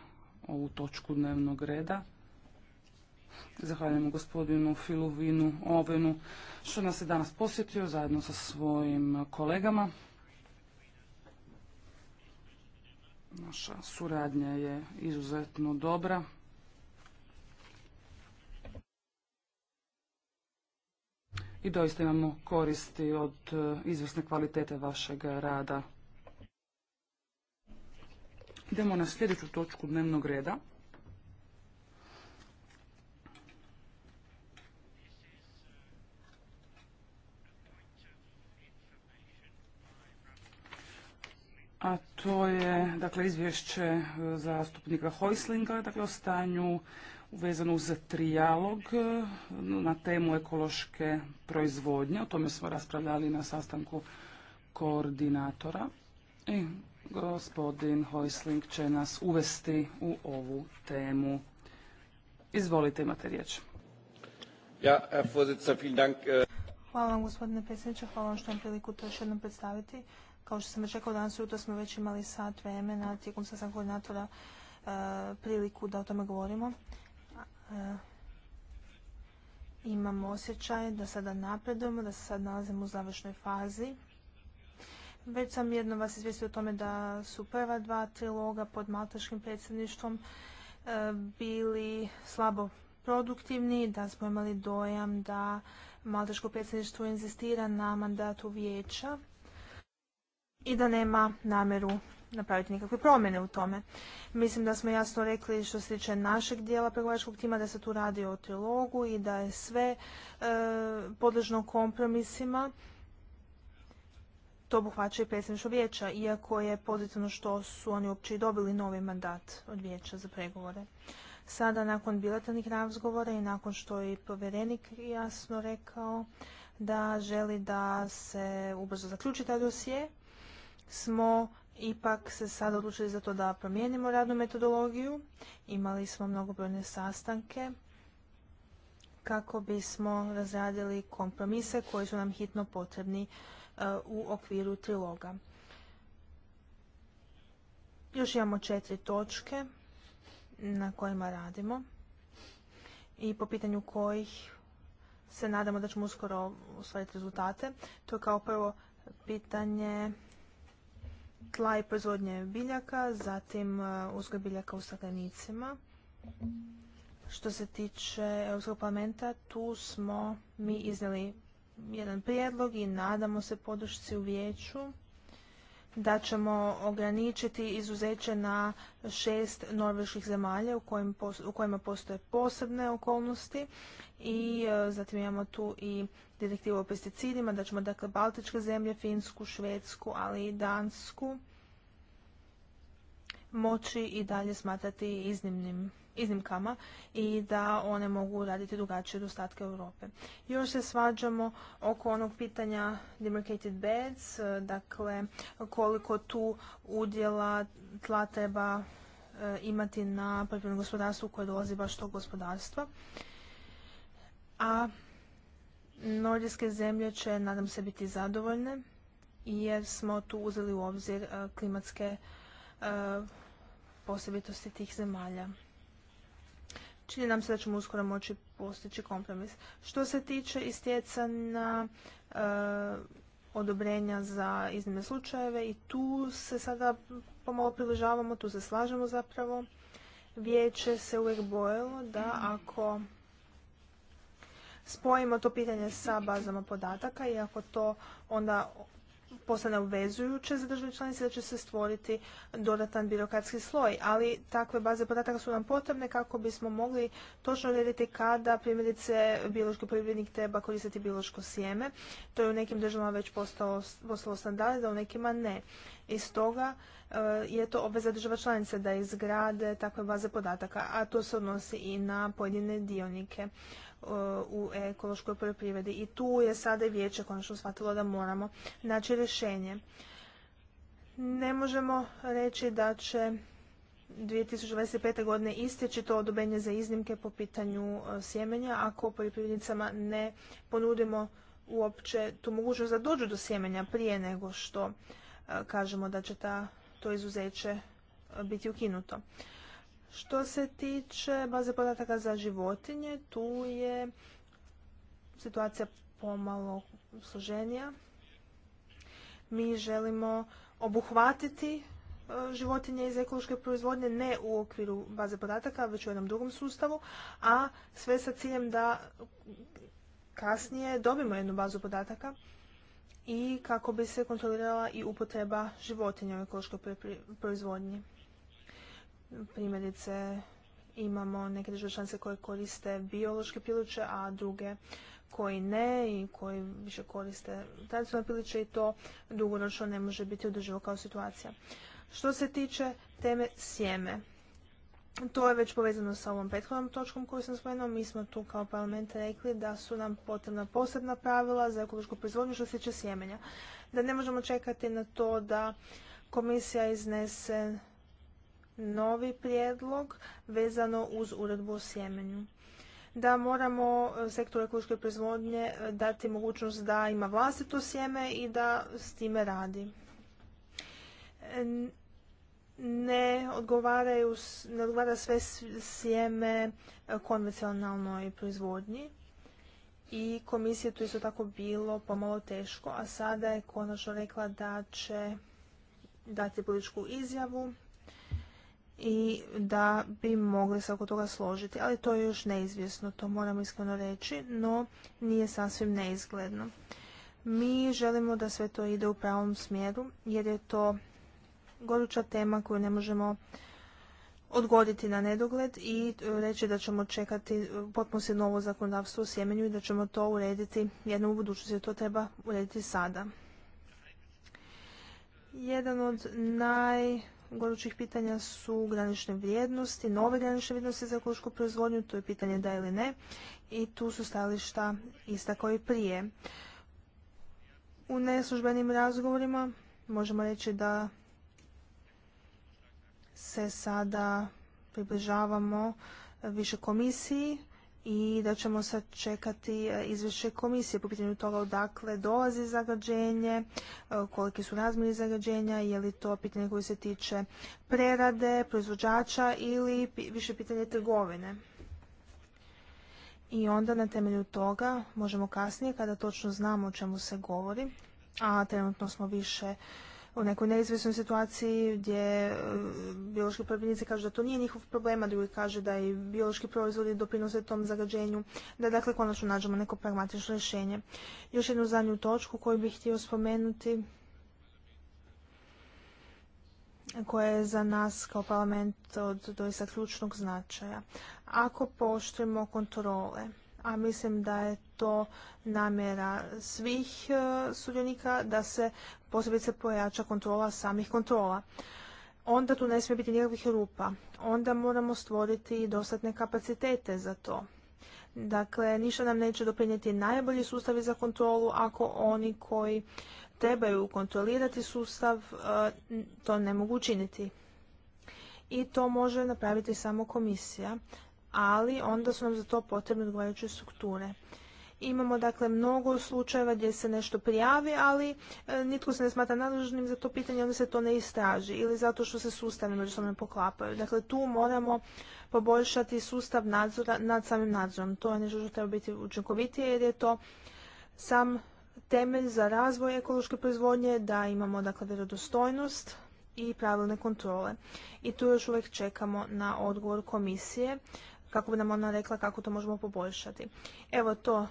ovu točku dnevnog reda. Zahvaljujemo gospodinu Filovinu Ovenu što nas je danas posjetio zajedno sa svojim kolegama. Naša suradnja je izuzetno dobra. I doista imamo koristi od eh, izvrsne kvalitete vašeg rada. Idemo na sljedeću točku dnevnog reda. A to je dakle izvješće e, zastupnika Hojslinga dakle, o stanju vezano uz trijalog e, na temu ekološke proizvodnje. O tome smo raspravljali na sastanku koordinatora. I Gospodin Hojsling će nas uvesti u ovu temu. Izvolite, imate riječ. E, e. Hvala vam gospodine predsjedniče, hvala vam što vam priliku to još jednom predstaviti. Kao što sam već rekao, danas ujutro smo već imali sat vremena tijekom sastanka koordinatora e, priliku da o tome govorimo. Imamo imam osjećaj da sada napredujemo, da se sad nalazimo u završnoj fazi već sam jedno vas izvijestio o tome da su prva dva triloga pod maltaškim predsjedništvom e, bili slabo produktivni, da smo imali dojam da maltaško predsjedništvo inzistira na mandatu vijeća i da nema namjeru napraviti nikakve promjene u tome. Mislim da smo jasno rekli što se tiče našeg dijela pregovaračkog tima da se tu radi o trilogu i da je sve e, podležno kompromisima to obuhvaća i predsjedništvo vijeća, iako je pozitivno što su oni uopće i dobili novi mandat od vijeća za pregovore. Sada, nakon bilateralnih razgovora i nakon što je povjerenik jasno rekao da želi da se ubrzo zaključi taj dosije, smo ipak se sada odlučili za to da promijenimo radnu metodologiju. Imali smo mnogobrojne sastanke kako bismo razradili kompromise koji su nam hitno potrebni E, u okviru triloga. Još imamo četiri točke na kojima radimo i po pitanju kojih se nadamo da ćemo uskoro ostvariti rezultate. To je kao prvo pitanje tla i proizvodnje biljaka, zatim e, uzgoj biljaka u staklenicima. Što se tiče Europskog parlamenta, tu smo mi iznijeli jedan prijedlog i nadamo se podršci u vijeću da ćemo ograničiti izuzeće na šest norveških zemalja u, kojima postoje posebne okolnosti i e, zatim imamo tu i direktivu o pesticidima, da ćemo dakle Baltičke zemlje, Finsku, Švedsku, ali i Dansku moći i dalje smatrati iznimnim iznimkama i da one mogu raditi drugačije od Europe. Još se svađamo oko onog pitanja demarcated beds, e, dakle koliko tu udjela tla treba e, imati na poljoprivrednom gospodarstvu koje dolazi baš tog gospodarstva. A nordijske zemlje će, nadam se, biti zadovoljne jer smo tu uzeli u obzir e, klimatske posebitosti tih zemalja čini nam se da ćemo uskoro moći postići kompromis. Što se tiče istjeca na e, odobrenja za iznimne slučajeve i tu se sada pomalo približavamo, tu se slažemo zapravo. Vijeće se uvijek bojilo da ako spojimo to pitanje sa bazama podataka i ako to onda postane obvezujuće za države članice da će se stvoriti dodatan birokratski sloj, ali takve baze podataka su nam potrebne kako bismo mogli točno odrediti kada primjerice biološki poljoprivrednik treba koristiti biološko sjeme. To je u nekim državama već postalo, postalo standard, a u nekima ne. I stoga e, je to obveza država članice da izgrade takve baze podataka, a to se odnosi i na pojedine dionike. E, u ekološkoj poljoprivredi. I tu je sada i vijeće konačno shvatilo da moramo naći rješenje. Ne možemo reći da će 2025. godine isteći to odobenje za iznimke po pitanju e, sjemenja ako poljoprivrednicama ne ponudimo uopće tu mogućnost da dođu do sjemenja prije nego što e, kažemo da će ta, to izuzeće biti ukinuto. Što se tiče baze podataka za životinje, tu je situacija pomalo složenija. Mi želimo obuhvatiti e, životinje iz ekološke proizvodnje ne u okviru baze podataka, već u jednom drugom sustavu, a sve sa ciljem da kasnije dobimo jednu bazu podataka i kako bi se kontrolirala i upotreba životinja u ekološkoj proizvodnji. Primjerice, imamo neke države članice koje koriste biološke piliće, a druge koji ne i koji više koriste tradicionalne piliće i to dugoročno ne može biti održivo kao situacija. Što se tiče teme sjeme, to je već povezano sa ovom prethodnom točkom koju sam spomenuo. Mi smo tu kao parlament rekli da su nam potrebna posebna pravila za ekološku proizvodnju što se tiče sjemenja. Da ne možemo čekati na to da komisija iznese novi prijedlog vezano uz uredbu o sjemenju da moramo e, sektoru ekološke proizvodnje e, dati mogućnost da ima vlastito sjeme i da s time radi. Ne, odgovaraju, ne odgovara sve sjeme e, konvencionalnoj proizvodnji i komisije tu isto tako bilo pomalo teško, a sada je konačno rekla da će dati političku izjavu i da bi mogli se oko toga složiti. Ali to je još neizvjesno, to moramo iskreno reći, no nije sasvim neizgledno. Mi želimo da sve to ide u pravom smjeru jer je to goruća tema koju ne možemo odgoditi na nedogled i reći da ćemo čekati potpuno se novo zakonodavstvo u sjemenju i da ćemo to urediti jednom u budućnosti. To treba urediti sada. Jedan od naj gorućih pitanja su granične vrijednosti, nove granične vrijednosti za ekološku proizvodnju, to je pitanje da ili ne, i tu su stajališta ista kao i prije. U neslužbenim razgovorima možemo reći da se sada približavamo više komisiji i da ćemo sad čekati e, izvješće komisije po pitanju toga odakle dolazi zagađenje, e, koliki su razmjeri zagađenja, je li to pitanje koje se tiče prerade, proizvođača ili više pitanje trgovine. I onda na temelju toga možemo kasnije, kada točno znamo o čemu se govori, a trenutno smo više u nekoj neizvjesnoj situaciji gdje e, biološki proizvodnici kažu da to nije njihov problem, a drugi kažu da i biološki proizvodi doprinose tom zagađenju, da dakle konačno nađemo neko pragmatično rješenje. Još jednu zadnju točku koju bih htio spomenuti koja je za nas kao parlament od doista ključnog značaja. Ako poštujemo kontrole, a mislim da je to namjera svih e, sudionika da se posebice pojača kontrola samih kontrola. Onda tu ne smije biti nikakvih rupa. Onda moramo stvoriti dostatne kapacitete za to. Dakle, ništa nam neće doprinijeti najbolji sustavi za kontrolu ako oni koji trebaju kontrolirati sustav e, to ne mogu učiniti. I to može napraviti samo komisija, ali onda su nam za to potrebne odgovarajuće strukture. Imamo dakle mnogo slučajeva gdje se nešto prijavi, ali e, nitko se ne smatra nadležnim za to pitanje, onda se to ne istraži ili zato što se sustavi međusobno poklapaju. Dakle, tu moramo poboljšati sustav nadzora nad samim nadzorom. To je nešto što treba biti učinkovitije jer je to sam temelj za razvoj ekološke proizvodnje, da imamo dakle vjerodostojnost i pravilne kontrole. I tu još uvijek čekamo na odgovor komisije kako bi nam ona rekla kako to možemo poboljšati. Evo to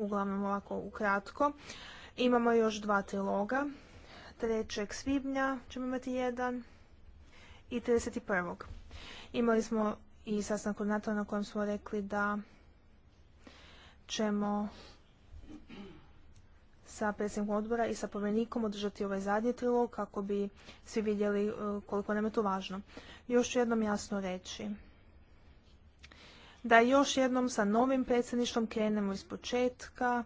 uglavnom ovako ukratko. Imamo još dva triloga. 3. svibnja ćemo imati jedan i 31. Imali smo i sastanak koordinatora na kojem smo rekli da ćemo sa predsjednikom odbora i sa povjerenikom održati ovaj zadnji trilog kako bi svi vidjeli e, koliko nam je to važno. Još ću jednom jasno reći da još jednom sa novim predsjedništvom krenemo iz početka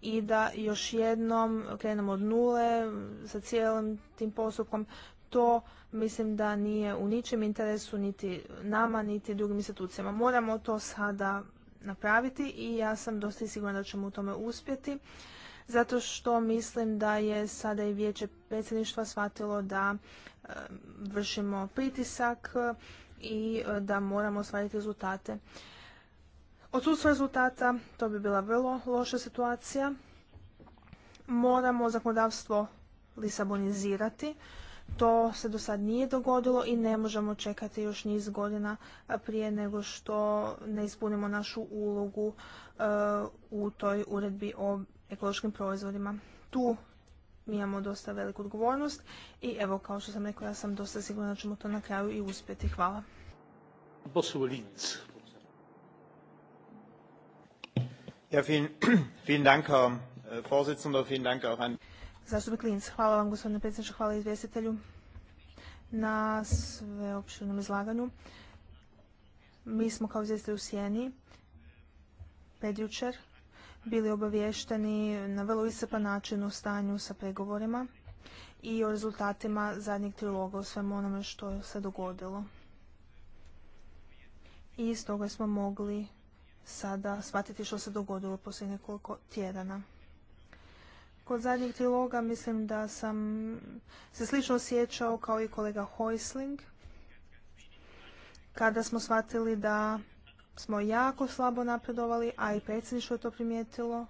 i da još jednom krenemo od nule sa cijelim tim postupkom. To mislim da nije u ničem interesu niti nama, niti drugim institucijama. Moramo to sada napraviti i ja sam dosta sigurna da ćemo u tome uspjeti zato što mislim da je sada i vijeće predsjedništva shvatilo da e, vršimo pritisak i e, da moramo ostvariti rezultate su rezultata, to bi bila vrlo loša situacija. Moramo zakonodavstvo lisabonizirati. To se do sad nije dogodilo i ne možemo čekati još niz godina prije nego što ne ispunimo našu ulogu e, u toj uredbi o ekološkim proizvodima. Tu mi imamo dosta veliku odgovornost i evo kao što sam rekla ja sam dosta sigurna da ćemo to na kraju i uspjeti. Hvala. Zastupnik hvala vam gospodine predsjedniče, hvala izvjestitelju na sveopširnom izlaganju. Mi smo kao izvjestitelj u Sjeni predjučer bili obavješteni na vrlo isrpan način o stanju sa pregovorima i o rezultatima zadnjih triloga o svemu onome što se dogodilo. I stoga smo mogli sada shvatiti što se dogodilo poslije nekoliko tjedana. Kod zadnjeg triloga mislim da sam se slično osjećao kao i kolega Hoisling kada smo shvatili da smo jako slabo napredovali, a i predsjedništvo je to primijetilo.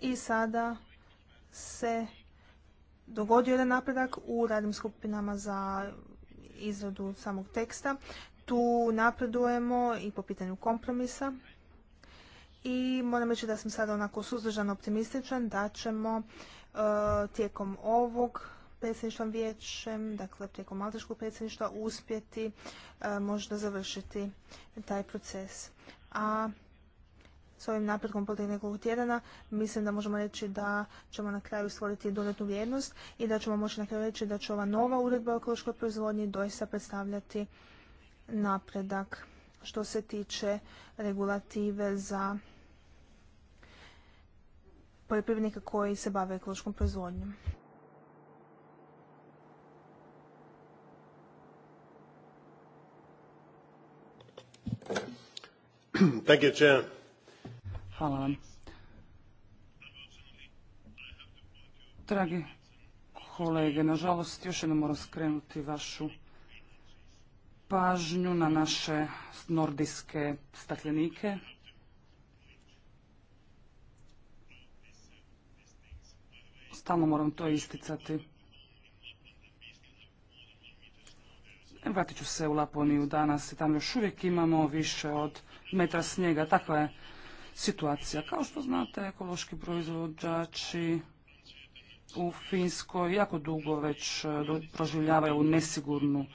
I sada se dogodio jedan napredak u radnim skupinama za izradu samog teksta tu napredujemo i po pitanju kompromisa. I moram reći da sam sada onako suzdržan optimističan da ćemo e, tijekom ovog predsjedništva vijećem, dakle tijekom malteškog predsjedništva uspjeti e, možda završiti taj proces. A s ovim napredkom protiv nekog tjedana mislim da možemo reći da ćemo na kraju stvoriti dodatnu vrijednost i da ćemo moći na kraju reći da će ova nova uredba o ekološkoj proizvodnji doista predstavljati napredak što se tiče regulative za poljoprivrednika koji se bave ekološkom proizvodnjom. Hvala vam. Dragi kolege, nažalost još jednom moram skrenuti vašu pažnju na naše nordijske staklenike. Stalno moram to isticati. Vratit ću se u Laponiju danas i tamo još uvijek imamo više od metra snijega. Takva je situacija. Kao što znate, ekološki proizvođači u Finskoj jako dugo već e, proživljavaju nesigurnu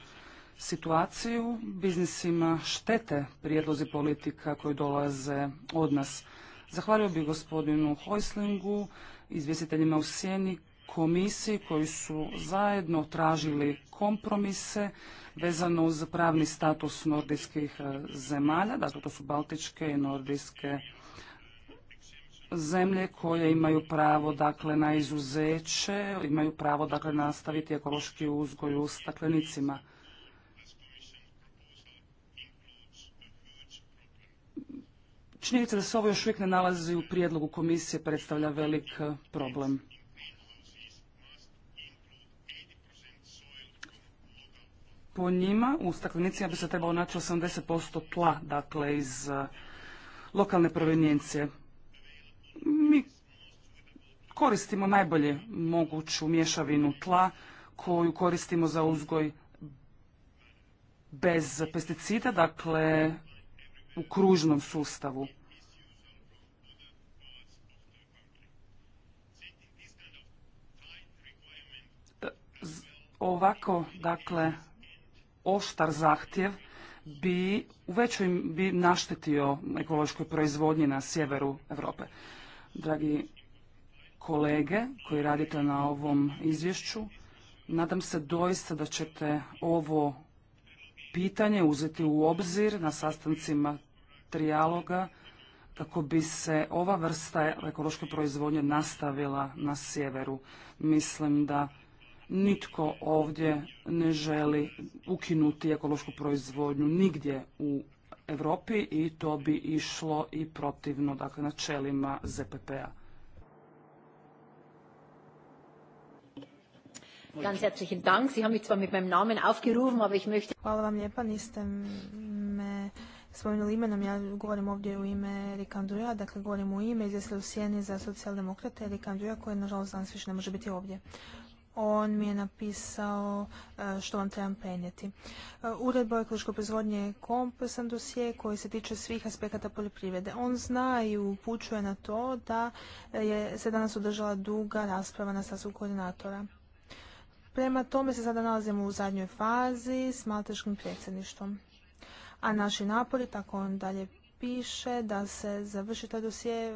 situaciju, biznisima štete prijedlozi politika koji dolaze od nas. Zahvalio bih gospodinu Hojslingu, izvjestiteljima u Sjeni, komisiji koji su zajedno tražili kompromise vezano uz pravni status nordijskih e, zemalja, dakle to su baltičke i nordijske zemlje koje imaju pravo dakle na izuzeće, imaju pravo dakle nastaviti ekološki uzgoj u staklenicima. Činjenica da se ovo još uvijek ne nalazi u prijedlogu komisije predstavlja velik e, problem. Po njima u staklenicima bi se trebalo naći 80% tla, dakle iz e, lokalne provenjencije. Mi koristimo najbolje moguću mješavinu tla koju koristimo za uzgoj bez pesticida, dakle u kružnom sustavu. Ovako, dakle, oštar zahtjev bi u većoj bi naštetio ekološkoj proizvodnji na sjeveru Europe. Dragi kolege koji radite na ovom izvješću, nadam se doista da ćete ovo pitanje uzeti u obzir na sastancima trijaloga kako bi se ova vrsta ekološke proizvodnje nastavila na sjeveru. Mislim da nitko ovdje ne želi ukinuti ekološku proizvodnju nigdje u Europi i to bi išlo i protivno dakle, načelima ZPP-a. Hvala vam lijepa, niste me spomenuli imenom, ja govorim ovdje u ime Andruja. dakle govorim u ime izvjesle u sjeni za socijaldemokrate Andruja, koji nažalost danas više ne može biti ovdje. On mi je napisao e, što vam trebam prenijeti. E, Uredba o ekološkoj proizvodnji je dosije koji se tiče svih aspekata poljoprivrede. On zna i upućuje na to da je se danas održala duga rasprava na sasvog koordinatora. Prema tome se sada nalazimo u zadnjoj fazi s malteškim predsjedništvom. A naši napori, tako on dalje piše, da se završi taj dosije,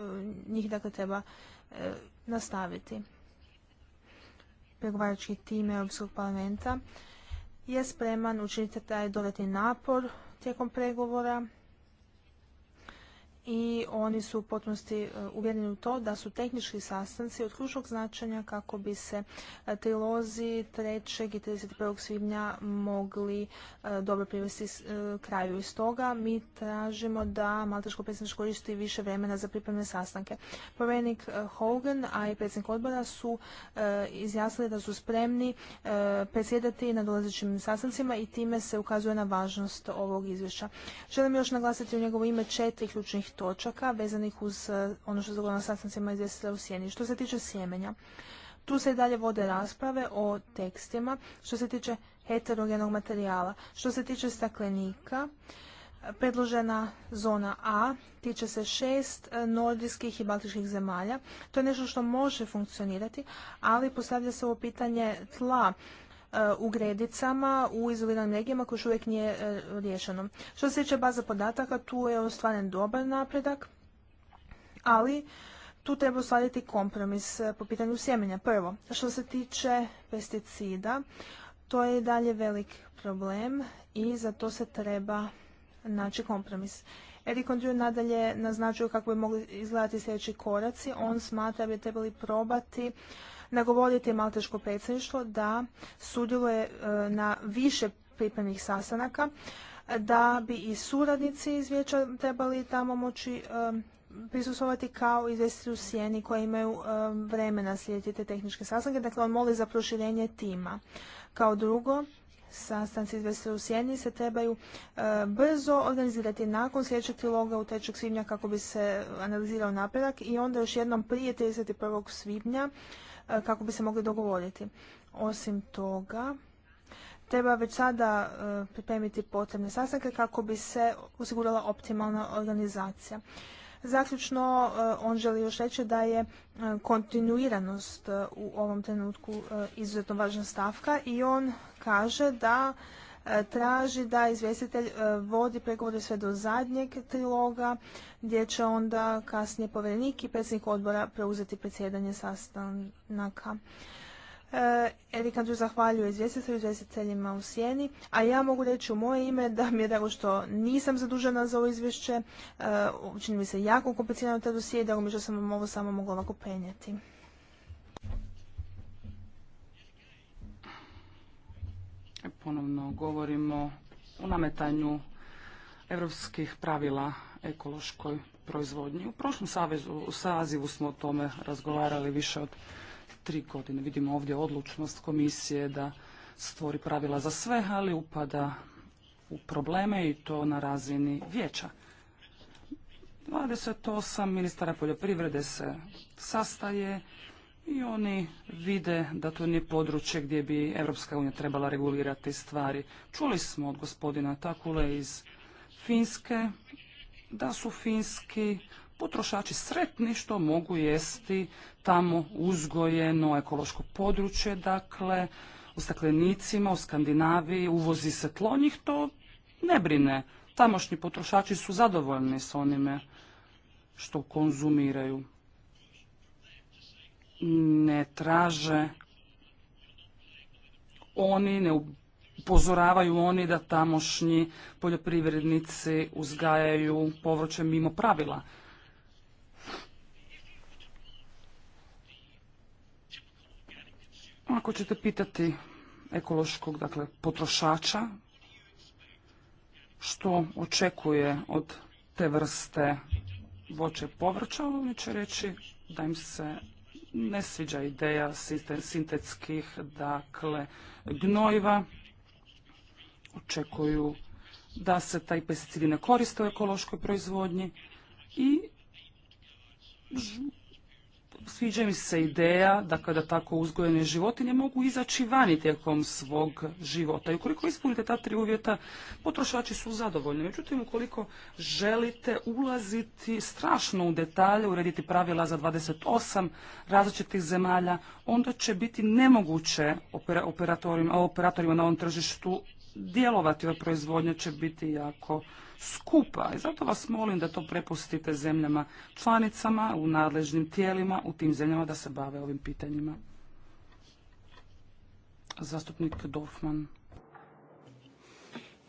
njih dakle treba e, nastaviti. Pregovarački tim Europskog parlamenta je spreman učiniti taj dodatni napor tijekom pregovora i oni su u potpunosti e, uvjereni u to da su tehnički sastanci od ključnog značenja kako bi se e, trilozi 3. i 31. svibnja mogli e, dobro privesti kraju. Iz toga mi tražimo da Malteško predsjedničko koristi više vremena za pripremne sastanke. povenik Hogan, a i predsjednik odbora su izjasnili da su spremni predsjedati na dolazećim sastancima i time se ukazuje na važnost ovog izvješća. Želim još naglasiti u njegovo ime četiri ključnih točaka vezanih uz e, ono što se dogodilo na sastancima iz u Sjeni. Što se tiče sjemenja, tu se i dalje vode rasprave o tekstima, što se tiče heterogenog materijala. Što se tiče staklenika, predložena zona A tiče se šest e, nordijskih i baltičkih zemalja. To je nešto što može funkcionirati, ali postavlja se ovo pitanje tla E, u Gredicama, u izoliranim regijama koji još uvijek nije e, rješeno. Što se tiče baza podataka, tu je ostvaren dobar napredak, ali tu treba ostvariti kompromis e, po pitanju sjemenja. Prvo, što se tiče pesticida, to je i dalje velik problem i za to se treba naći kompromis. Eric Andrew nadalje naznačuje kako bi mogli izgledati sljedeći koraci. On smatra da bi trebali probati nagovoriti Malteško predsjedništvo da sudjeluje e, na više pripremnih sastanaka, da bi i suradnici iz vijeća trebali tamo moći e, prisustovati kao izvesti u sjeni koji imaju e, vremena slijediti te tehničke sastanke. Dakle, on moli za proširenje tima. Kao drugo, sastanci izvesti u sjeni se trebaju brzo organizirati nakon sljedećeg triloga u 3. svibnja kako bi se analizirao napredak i onda još jednom prije 31. svibnja E, kako bi se mogli dogovoriti. Osim toga, treba već sada e, pripremiti potrebne sastanke kako bi se osigurala optimalna organizacija. Zaključno, e, on želi još reći da je kontinuiranost u ovom trenutku izuzetno važna stavka i on kaže da traži da izvjestitelj e, vodi pregovore sve do zadnjeg triloga gdje će onda kasnije povjerenik i predsjednik odbora preuzeti predsjedanje sastanaka. E, Erik Andrew zahvaljuje izvjestitelju, izvjestiteljima u sjeni, a ja mogu reći u moje ime da mi je drago što nisam zadužena za ovo izvješće, e, čini mi se jako komplicirano te dosije drago mi što sam vam ovo samo mogla ovako prenijeti. Ponovno govorimo o nametanju europskih pravila ekološkoj proizvodnji. U prošlom savezu, sazivu smo o tome razgovarali više od tri godine. Vidimo ovdje odlučnost komisije da stvori pravila za sve, ali upada u probleme i to na razini vijeća. 28 ministara poljoprivrede se sastaje i oni vide da to nije područje gdje bi Europska unija trebala regulirati stvari. Čuli smo od gospodina Takule iz Finske da su finski potrošači sretni što mogu jesti tamo uzgojeno ekološko područje, dakle u staklenicima u Skandinaviji uvozi se tlo, njih to ne brine. Tamošnji potrošači su zadovoljni s onime što konzumiraju ne traže oni, ne upozoravaju oni da tamošnji poljoprivrednici uzgajaju povrće mimo pravila. Ako ćete pitati ekološkog dakle, potrošača što očekuje od te vrste voće povrća, oni će reći da im se ne sviđa ideja sintetskih dakle, gnojiva. Očekuju da se taj pesticidi ne koriste u ekološkoj proizvodnji i sviđa mi se ideja da kada tako uzgojene životinje mogu izaći vani tijekom svog života. I ukoliko ispunite ta tri uvjeta, potrošači su zadovoljni. Međutim, ukoliko želite ulaziti strašno u detalje, urediti pravila za 28 različitih zemalja, onda će biti nemoguće operatorima, operatorima na ovom tržištu djelovati, od proizvodnja će biti jako skupa. I zato vas molim da to prepustite zemljama članicama, u nadležnim tijelima, u tim zemljama da se bave ovim pitanjima. Zastupnik Dorfman.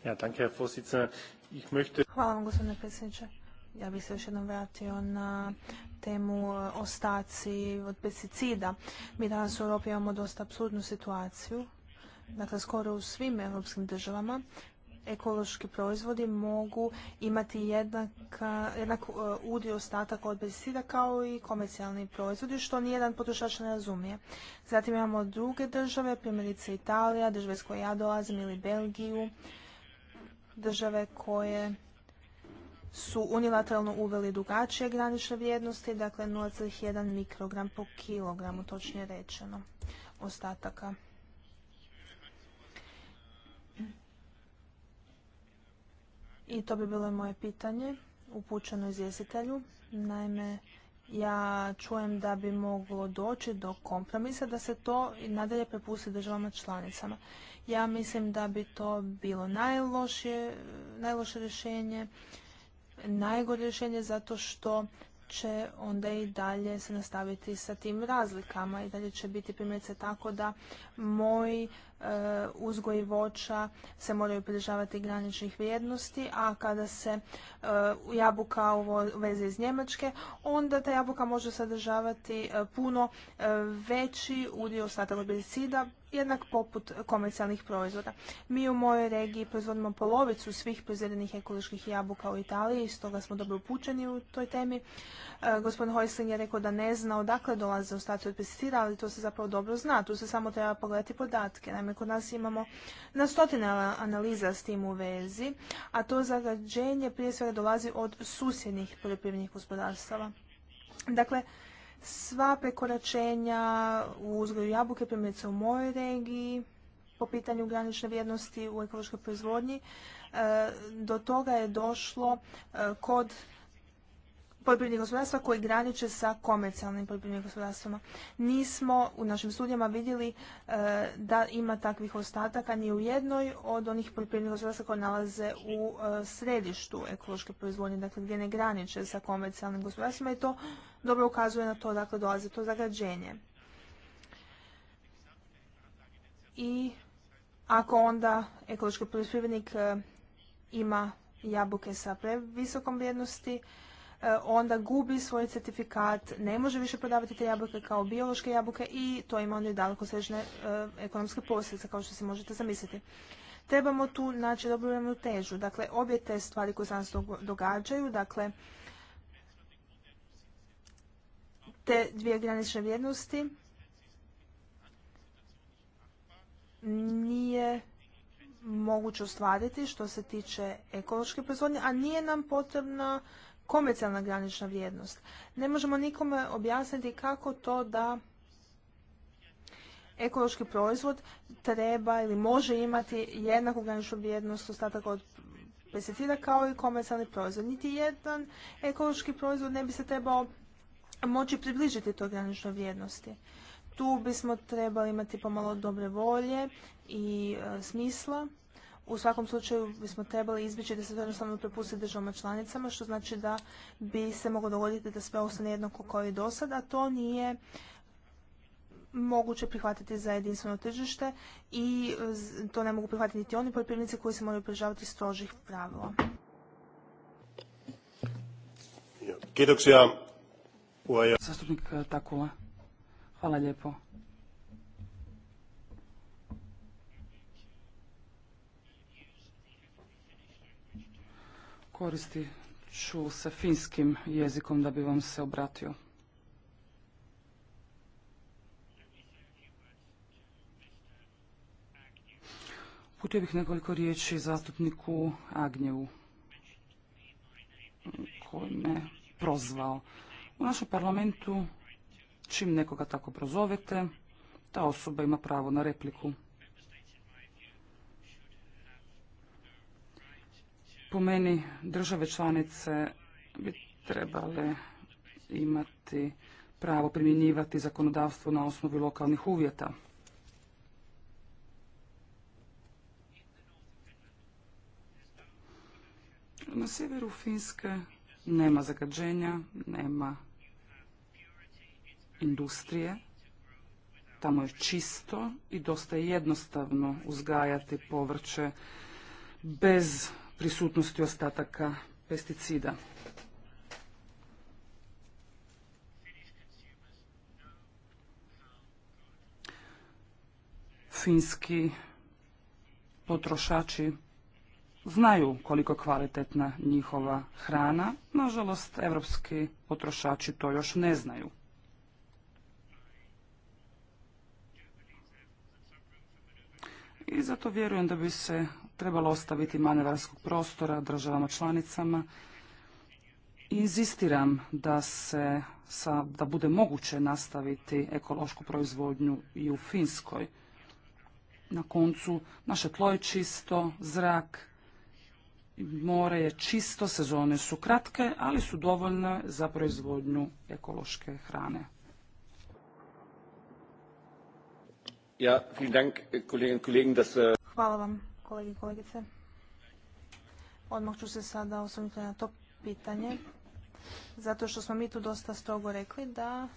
Ja, danke, Herr Ich möchte... Hvala vam, gospodine predsjedniče. Ja bih se još jednom vratio na temu eh, ostaci od pesticida. Mi danas u Europi imamo dosta absurdnu situaciju Dakle, skoro u svim europskim državama ekološki proizvodi mogu imati jednak e, udio ostataka od pesticida kao i komercijalni proizvodi, što nijedan potrošač ne razumije. Zatim imamo druge države, primjerice Italija, države s koje ja dolazim ili Belgiju, države koje su unilateralno uveli drugačije granične vrijednosti, dakle 0,1 mikrogram po kilogramu, točnije rečeno, ostataka. I to bi bilo moje pitanje upućeno izvjestitelju. Naime, ja čujem da bi moglo doći do kompromisa da se to i nadalje prepusti državama članicama. Ja mislim da bi to bilo najlošije, najloše rješenje, najgore rješenje zato što će onda i dalje se nastaviti sa tim razlikama i dalje će biti primjerice tako da moji E, uzgoji voća se moraju pridržavati graničnih vrijednosti, a kada se e, jabuka uveze iz Njemačke, onda ta jabuka može sadržavati e, puno veći udio ostataka jednak poput komercijalnih proizvoda. Mi u mojoj regiji proizvodimo polovicu svih proizvedenih ekoloških jabuka u Italiji, stoga smo dobro upućeni u toj temi. gospodin Hojsling je rekao da ne zna odakle dolaze ostatci od ali to se zapravo dobro zna. Tu se samo treba pogledati podatke. Naime, kod nas imamo na stotine analiza s tim u vezi, a to zagađenje prije svega dolazi od susjednih poljoprivrednih gospodarstava. Dakle, sva prekoračenja u uzgoju jabuke, primjerice u mojoj regiji, po pitanju granične vrijednosti u ekološkoj proizvodnji, e, do toga je došlo e, kod poljoprivrednih gospodarstva koji graniče sa komercijalnim poljoprivrednim gospodarstvima. Nismo u našim studijama vidjeli e, da ima takvih ostataka ni u jednoj od onih poljoprivrednih gospodarstva koje nalaze u e, središtu ekološke proizvodnje, dakle gdje ne graniče sa komercijalnim gospodarstvima i to dobro ukazuje na to dakle dolazi to zagađenje. I ako onda ekološki poljoprivrednik e, ima jabuke sa previsokom vrijednosti, E, onda gubi svoj certifikat, ne može više prodavati te jabuke kao biološke jabuke i to ima onda i daleko svežne e, ekonomske posljedice kao što si možete zamisliti. Trebamo tu naći dobru težu. Dakle, obje te stvari koje se nas događaju, dakle, te dvije granične vrijednosti nije moguće ostvariti što se tiče ekološke proizvodnje, a nije nam potrebno komercijalna granična vrijednost. Ne možemo nikome objasniti kako to da ekološki proizvod treba ili može imati jednaku graničnu vrijednost ostataka od pesticida kao i komercijalni proizvod. Niti jedan ekološki proizvod ne bi se trebao moći približiti toj graničnoj vrijednosti. Tu bismo trebali imati pomalo dobre volje i e, smisla u svakom slučaju bismo trebali izbjeći da se to jednostavno prepusti državama članicama, što znači da bi se moglo dogoditi da sve ostane jednako kao i do sada. To nije moguće prihvatiti za jedinstveno tržište i to ne mogu prihvatiti niti oni poljoprivrednici koji se moraju pridržavati strožih pravila. Zastupnik eh, Takula, hvala lijepo. Koristit ću se finskim jezikom da bi vam se obratio. Putio bih nekoliko riječi zastupniku Agnjevu koji me prozvao. U našem parlamentu čim nekoga tako prozovete, ta osoba ima pravo na repliku. Po meni države članice bi trebale imati pravo primjenjivati zakonodavstvo na osnovi lokalnih uvjeta. Na sjeveru Finske nema zagađenja, nema industrije. Tamo je čisto i dosta jednostavno uzgajati povrće bez prisutnosti ostataka pesticida. Finski potrošači znaju koliko kvalitetna njihova hrana. Nažalost, evropski potrošači to još ne znaju. I zato vjerujem da bi se trebalo ostaviti manevarskog prostora državama članicama. Inzistiram da se da bude moguće nastaviti ekološku proizvodnju i u Finskoj. Na koncu naše tlo je čisto, zrak, more je čisto, sezone su kratke, ali su dovoljne za proizvodnju ekološke hrane. Ja, vielen Dank, äh Hvala vam kolegi i kolegice. Odmah ću se sada osvrnuti na to pitanje, zato što smo mi tu dosta strogo rekli da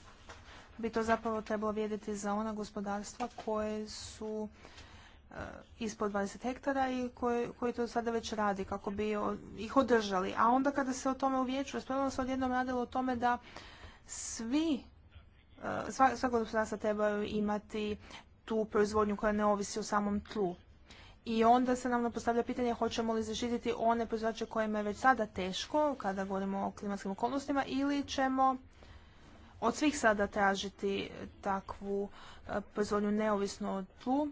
bi to zapravo trebalo vrijediti za ona gospodarstva koje su e, ispod 20 hektara i koje, koji to sada već radi kako bi ih održali. A onda kada se o tome u vijeću raspravljalo se odjednom radilo o tome da svi e, gospodarstva trebaju imati tu proizvodnju koja ne ovisi o samom tlu. I onda se nam postavlja pitanje hoćemo li zaštititi one proizvođače kojima je već sada teško kada govorimo o klimatskim okolnostima ili ćemo od svih sada tražiti takvu e, proizvodnju neovisno od tlu.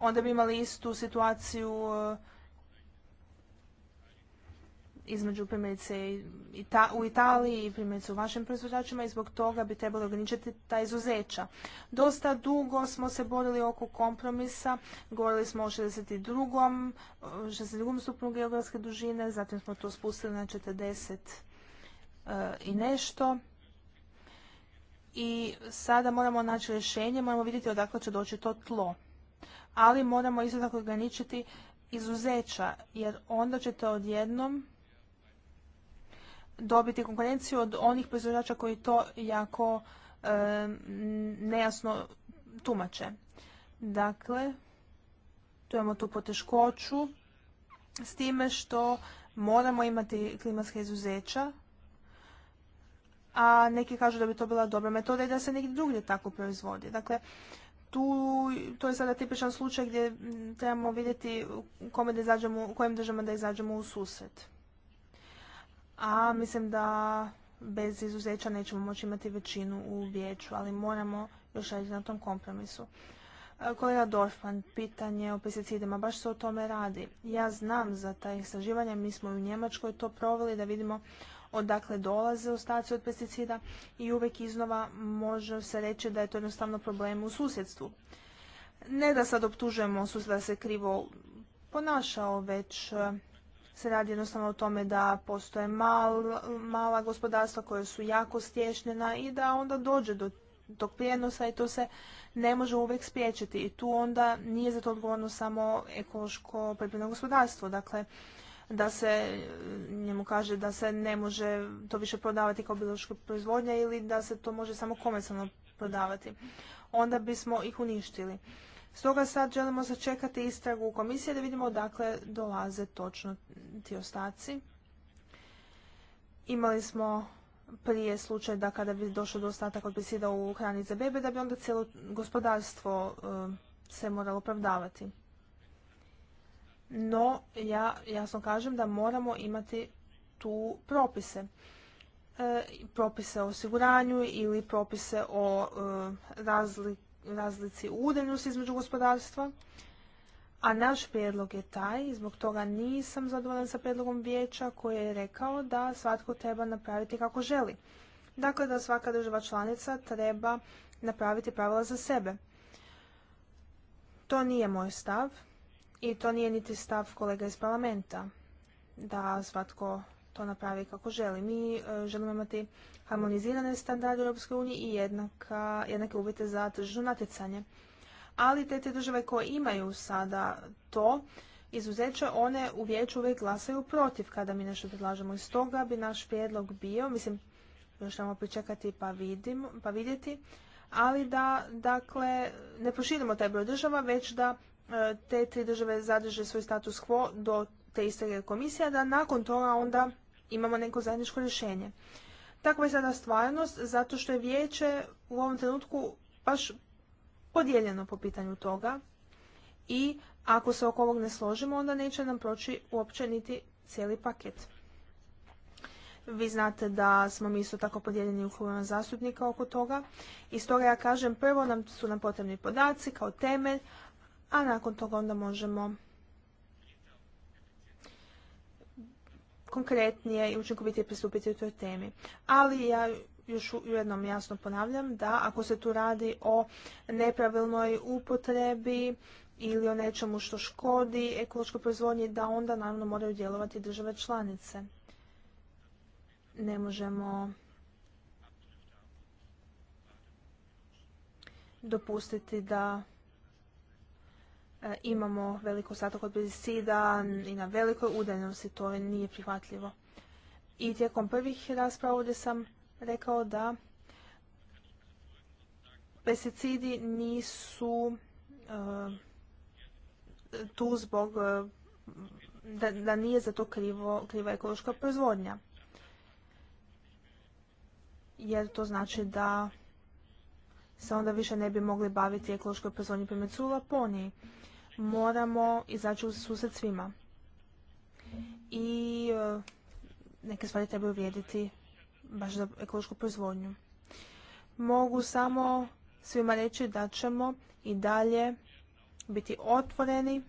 Onda bi imali istu situaciju e, između primjerice u Italiji i primjerice u vašim proizvođačima i zbog toga bi trebalo ograničiti ta izuzeća. Dosta dugo smo se borili oko kompromisa, govorili smo o 62. 62. stupnju geografske dužine, zatim smo to spustili na 40 eh, i nešto. I sada moramo naći rješenje, moramo vidjeti odakle će doći to tlo. Ali moramo isto tako ograničiti izuzeća, jer onda ćete odjednom dobiti konkurenciju od onih proizvođača koji to jako e, nejasno tumače. Dakle, tu imamo tu poteškoću s time što moramo imati klimatske izuzeća, a neki kažu da bi to bila dobra metoda i da se negdje drugdje tako proizvodi. Dakle, tu, to je sada tipičan slučaj gdje trebamo vidjeti u kojem kojim državama da izađemo u susret a mislim da bez izuzeća nećemo moći imati većinu u vijeću, ali moramo još raditi na tom kompromisu. E, kolega Dorfman, pitanje o pesticidima, baš se o tome radi. Ja znam za ta istraživanja, mi smo u Njemačkoj to proveli da vidimo odakle dolaze ostaci od pesticida i uvijek iznova može se reći da je to jednostavno problem u susjedstvu. Ne da sad optužujemo susjeda da se krivo ponašao, već e, se radi jednostavno o tome da postoje mala gospodarstva koja su jako stješnjena i da onda dođe do tog prijenosa i to se ne može uvijek spriječiti. I tu onda nije za to odgovorno samo ekološko poljoprivredno gospodarstvo. Dakle, da se njemu kaže da se ne može to više prodavati kao biološka proizvodnja ili da se to može samo komercijalno prodavati. Onda bismo ih uništili. Stoga sad želimo začekati istragu komisije da vidimo odakle dolaze točno ti ostaci. Imali smo prije slučaj da kada bi došlo do ostataka od besida u hrani za bebe, da bi onda cijelo gospodarstvo um, se moralo opravdavati. No, ja jasno kažem da moramo imati tu propise. E, propise o osiguranju ili propise o e, razliku razlici u između gospodarstva, a naš prijedlog je taj, zbog toga nisam zadovoljan sa prijedlogom vijeća koji je rekao da svatko treba napraviti kako želi. Dakle, da svaka država članica treba napraviti pravila za sebe. To nije moj stav i to nije niti stav kolega iz parlamenta, da svatko to napravi kako želi. Mi e, želimo imati harmonizirane standarde Europske unije i jednaka, jednake uvjete za tržišno natjecanje. Ali te te države koje imaju sada to izuzeće, one u vijeću uvijek glasaju protiv kada mi nešto predlažemo. I stoga bi naš prijedlog bio, mislim, još trebamo pričekati pa, pa, vidjeti, ali da dakle, ne proširimo taj broj država, već da e, te tri države zadrže svoj status quo do te iste komisije, da nakon toga onda imamo neko zajedničko rješenje. Takva je sada stvarnost zato što je vijeće u ovom trenutku baš podijeljeno po pitanju toga i ako se oko ovog ne složimo onda neće nam proći uopće niti cijeli paket. Vi znate da smo mi isto tako podijeljeni u klubima zastupnika oko toga. I stoga ja kažem, prvo nam su nam potrebni podaci kao temelj, a nakon toga onda možemo konkretnije i učinkovitije pristupiti u toj temi. Ali ja još ujednom jasno ponavljam da ako se tu radi o nepravilnoj upotrebi ili o nečemu što škodi ekološkoj proizvodnji, da onda naravno moraju djelovati države članice. Ne možemo dopustiti da E, imamo veliko ostatak od pesticida i na velikoj udaljenosti to nije prihvatljivo. I tijekom prvih rasprava ovdje sam rekao da pesticidi nisu e, tu zbog e, da, nije za to krivo, kriva ekološka proizvodnja. Jer to znači da se onda više ne bi mogli baviti ekološkoj proizvodnji primjer u moramo izaći u susret svima. I e, neke stvari trebaju vrijediti baš za ekološku proizvodnju. Mogu samo svima reći da ćemo i dalje biti otvoreni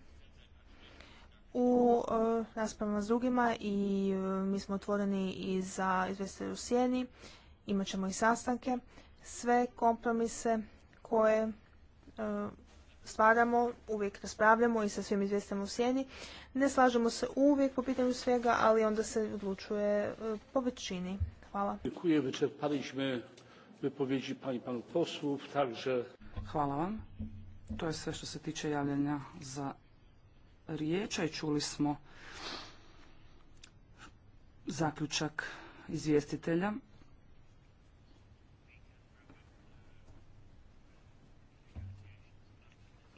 u e, raspravama s drugima i e, mi smo otvoreni i za izvjestitelje u sjeni. Imat ćemo i sastanke. Sve kompromise koje stvaramo, uvijek raspravljamo i sa svim izvjestama u sjeni. Ne slažemo se uvijek po pitanju svega, ali onda se odlučuje e, po većini. Hvala. Hvala vam. To je sve što se tiče javljanja za riječ, i čuli smo zaključak izvjestitelja.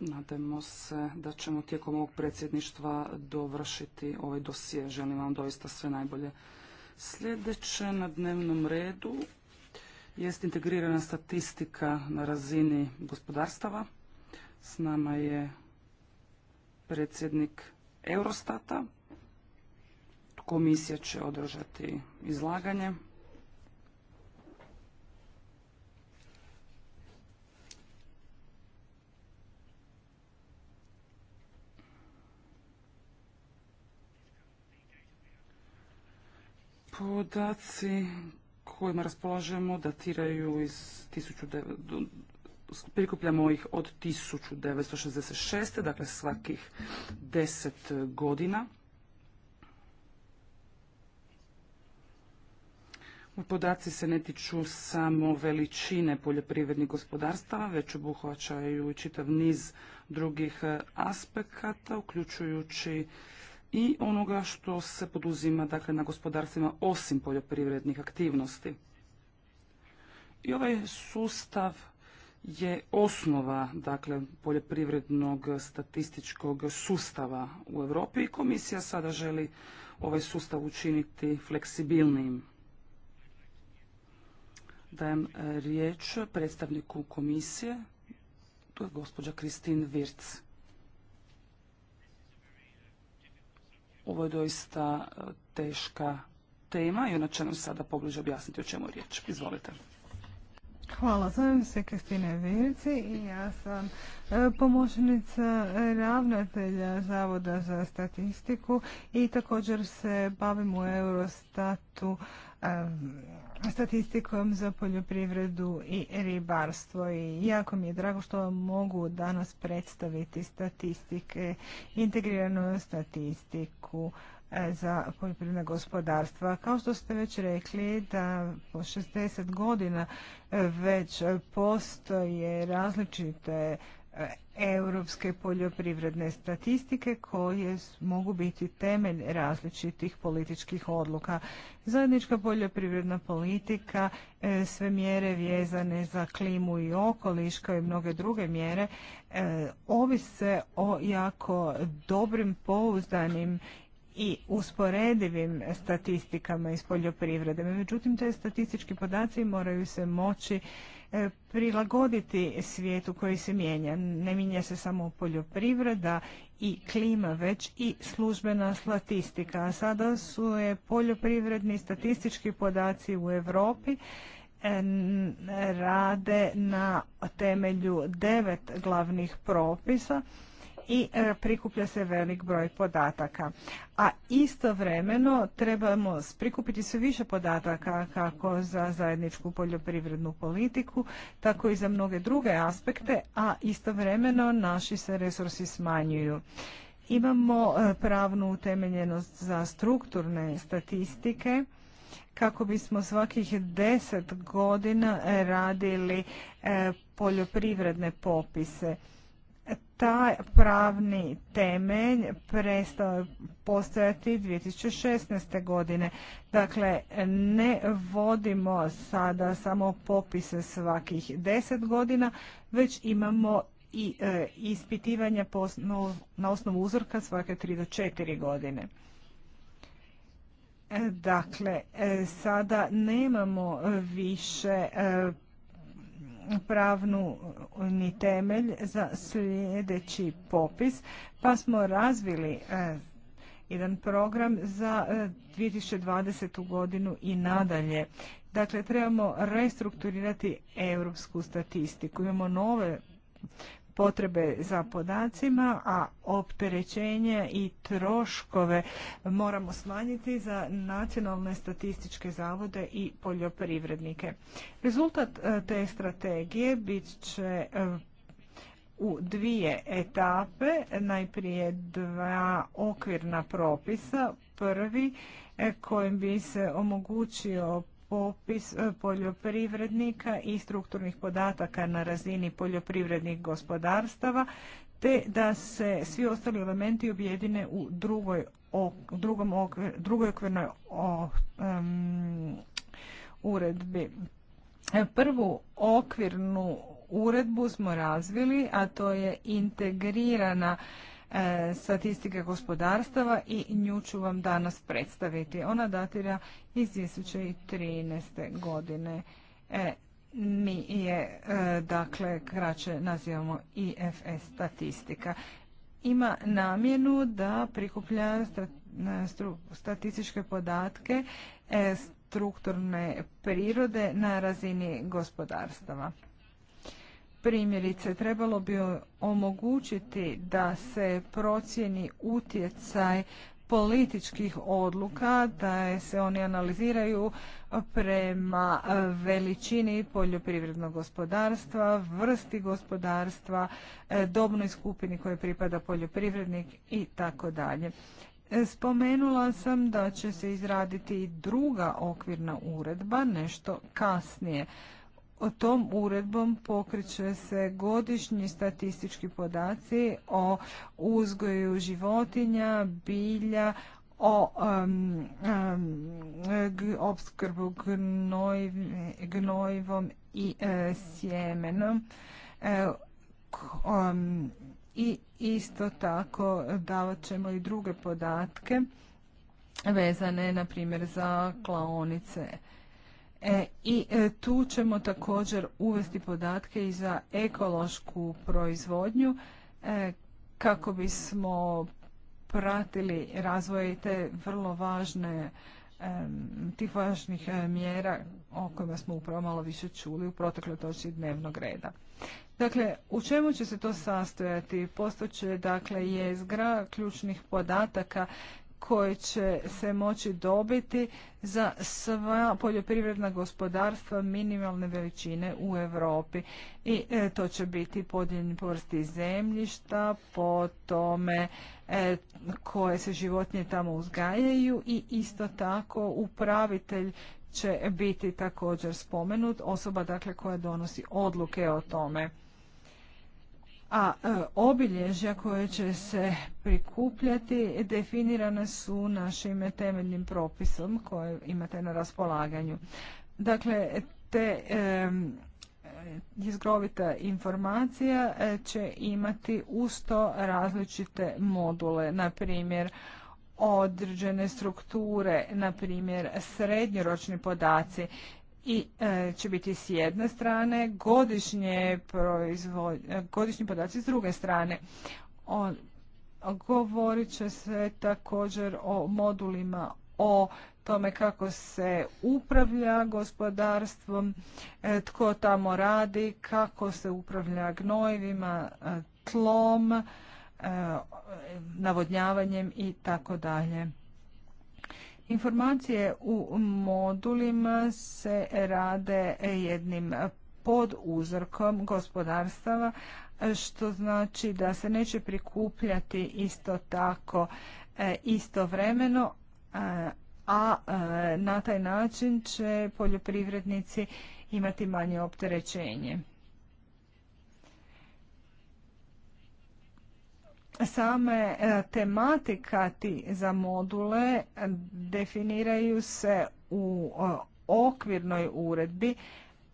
Nadajmo se da ćemo tijekom ovog predsjedništva dovršiti ovaj dosije. Želim vam doista sve najbolje. Sljedeće na dnevnom redu jest integrirana statistika na razini gospodarstava. S nama je predsjednik Eurostata. Komisija će održati izlaganje. Podaci kojima raspolažemo datiraju iz prikupljamo ih od 1966. dakle svakih 10 godina. Podaci se ne tiču samo veličine poljoprivrednih gospodarstava, već obuhvaćaju i čitav niz drugih aspekata, uključujući i onoga što se poduzima dakle, na gospodarstvima osim poljoprivrednih aktivnosti. I ovaj sustav je osnova dakle, poljoprivrednog statističkog sustava u Europi i komisija sada želi ovaj sustav učiniti fleksibilnijim. Dajem eh, riječ predstavniku komisije, to je gospođa Kristin Virc. Ovo je doista e, teška tema i ona će nam sada pobliže objasniti o čemu je riječ. Izvolite. Hvala, zovem se Kristine Virici i ja sam e, pomoćnica ravnatelja Zavoda za statistiku i također se bavim u Eurostatu e, statistikom za poljoprivredu i ribarstvo i jako mi je drago što vam mogu danas predstaviti statistike, integriranu statistiku E, za poljoprivredna gospodarstva. Kao što ste već rekli da po 60 godina e, već postoje različite europske poljoprivredne statistike koje mogu biti temelj različitih političkih odluka. Zajednička poljoprivredna politika, e, sve mjere vjezane za klimu i okoliš kao i mnoge druge mjere e, ovise o jako dobrim, pouzdanim i usporedivim statistikama iz poljoprivrede. Međutim, te statistički podaci moraju se moći E, prilagoditi svijetu koji se mijenja. Ne mijenja se samo poljoprivreda i klima, već i službena statistika. A sada su e, poljoprivredni statistički podaci u Europi e, rade na temelju devet glavnih propisa i e, prikuplja se velik broj podataka. A istovremeno trebamo prikupiti sve više podataka kako za zajedničku poljoprivrednu politiku, tako i za mnoge druge aspekte, a istovremeno naši se resursi smanjuju. Imamo e, pravnu utemeljenost za strukturne statistike kako bismo svakih deset godina radili e, poljoprivredne popise taj pravni temelj prestao postojati 2016. godine. Dakle, ne vodimo sada samo popise svakih 10 godina, već imamo i e, ispitivanja na osnovu uzorka svake 3 do 4 godine. E, dakle, e, sada nemamo više pravnu e, ni temelj za sljedeći popis, pa smo razvili e, jedan program za 2020. E, godinu i nadalje. Dakle, trebamo restrukturirati europsku statistiku. Imamo nove potrebe za podacima, a opterećenje i troškove moramo smanjiti za nacionalne statističke zavode i poljoprivrednike. Rezultat e, te strategije bit će e, u dvije etape, najprije dva okvirna propisa. Prvi e, kojim bi se omogućio popis e, poljoprivrednika i strukturnih podataka na razini poljoprivrednih gospodarstava, te da se svi ostali elementi objedine u drugoj, drugom, drugoj okvirnoj um, uredbi. E, prvu okvirnu uredbu smo razvili, a to je integrirana E, statistike gospodarstava i nju ću vam danas predstaviti. Ona datira iz 2013. godine. E, mi je, e, dakle, kraće nazivamo IFS statistika. Ima namjenu da prikuplja statističke podatke strukturne prirode na razini gospodarstava. Primjerice, trebalo bi omogućiti da se procjeni utjecaj političkih odluka, da se oni analiziraju prema veličini poljoprivrednog gospodarstva, vrsti gospodarstva, dobnoj skupini kojoj pripada poljoprivrednik i tako dalje. Spomenula sam da će se izraditi i druga okvirna uredba, nešto kasnije. Tom uredbom pokreće se godišnji statistički podaci o uzgoju životinja, bilja, o obskrbu opskrbu gnojivom i e, sjemenom e, i isto tako davat ćemo i druge podatke vezane na primjer za klaonice E, I e, tu ćemo također uvesti podatke i za ekološku proizvodnju e, kako bismo pratili razvoj te vrlo važne tih važnih mjera o kojima smo upravo malo više čuli u protekloj točci dnevnog reda. Dakle, u čemu će se to sastojati? Postoće dakle jezgra ključnih podataka koje će se moći dobiti za sva poljoprivredna gospodarstva minimalne veličine u Europi. I e, to će biti podijeljeni povrsti zemljišta po tome e, koje se životinje tamo uzgajaju i isto tako upravitelj će biti također spomenut, osoba dakle koja donosi odluke o tome a e, obilježja koje će se prikupljati definirane su našim temeljnim propisom koje imate na raspolaganju. Dakle, te izgrovita informacija e, će imati usto različite module, na primjer određene strukture, na primjer srednjoročni podaci i e, će biti s jedne strane, godišnje proizvod, e, godišnji podaci s druge strane. On, govorit će se također o modulima, o tome kako se upravlja gospodarstvom, e, tko tamo radi, kako se upravlja gnojivima, tlom, navodnjavanjem i tako dalje. Informacije u modulima se rade jednim pod uzorkom gospodarstava, što znači da se neće prikupljati isto tako e, istovremeno, e, a e, na taj način će poljoprivrednici imati manje opterećenje. Same e, tematika ti za module definiraju se u okvirnoj uredbi,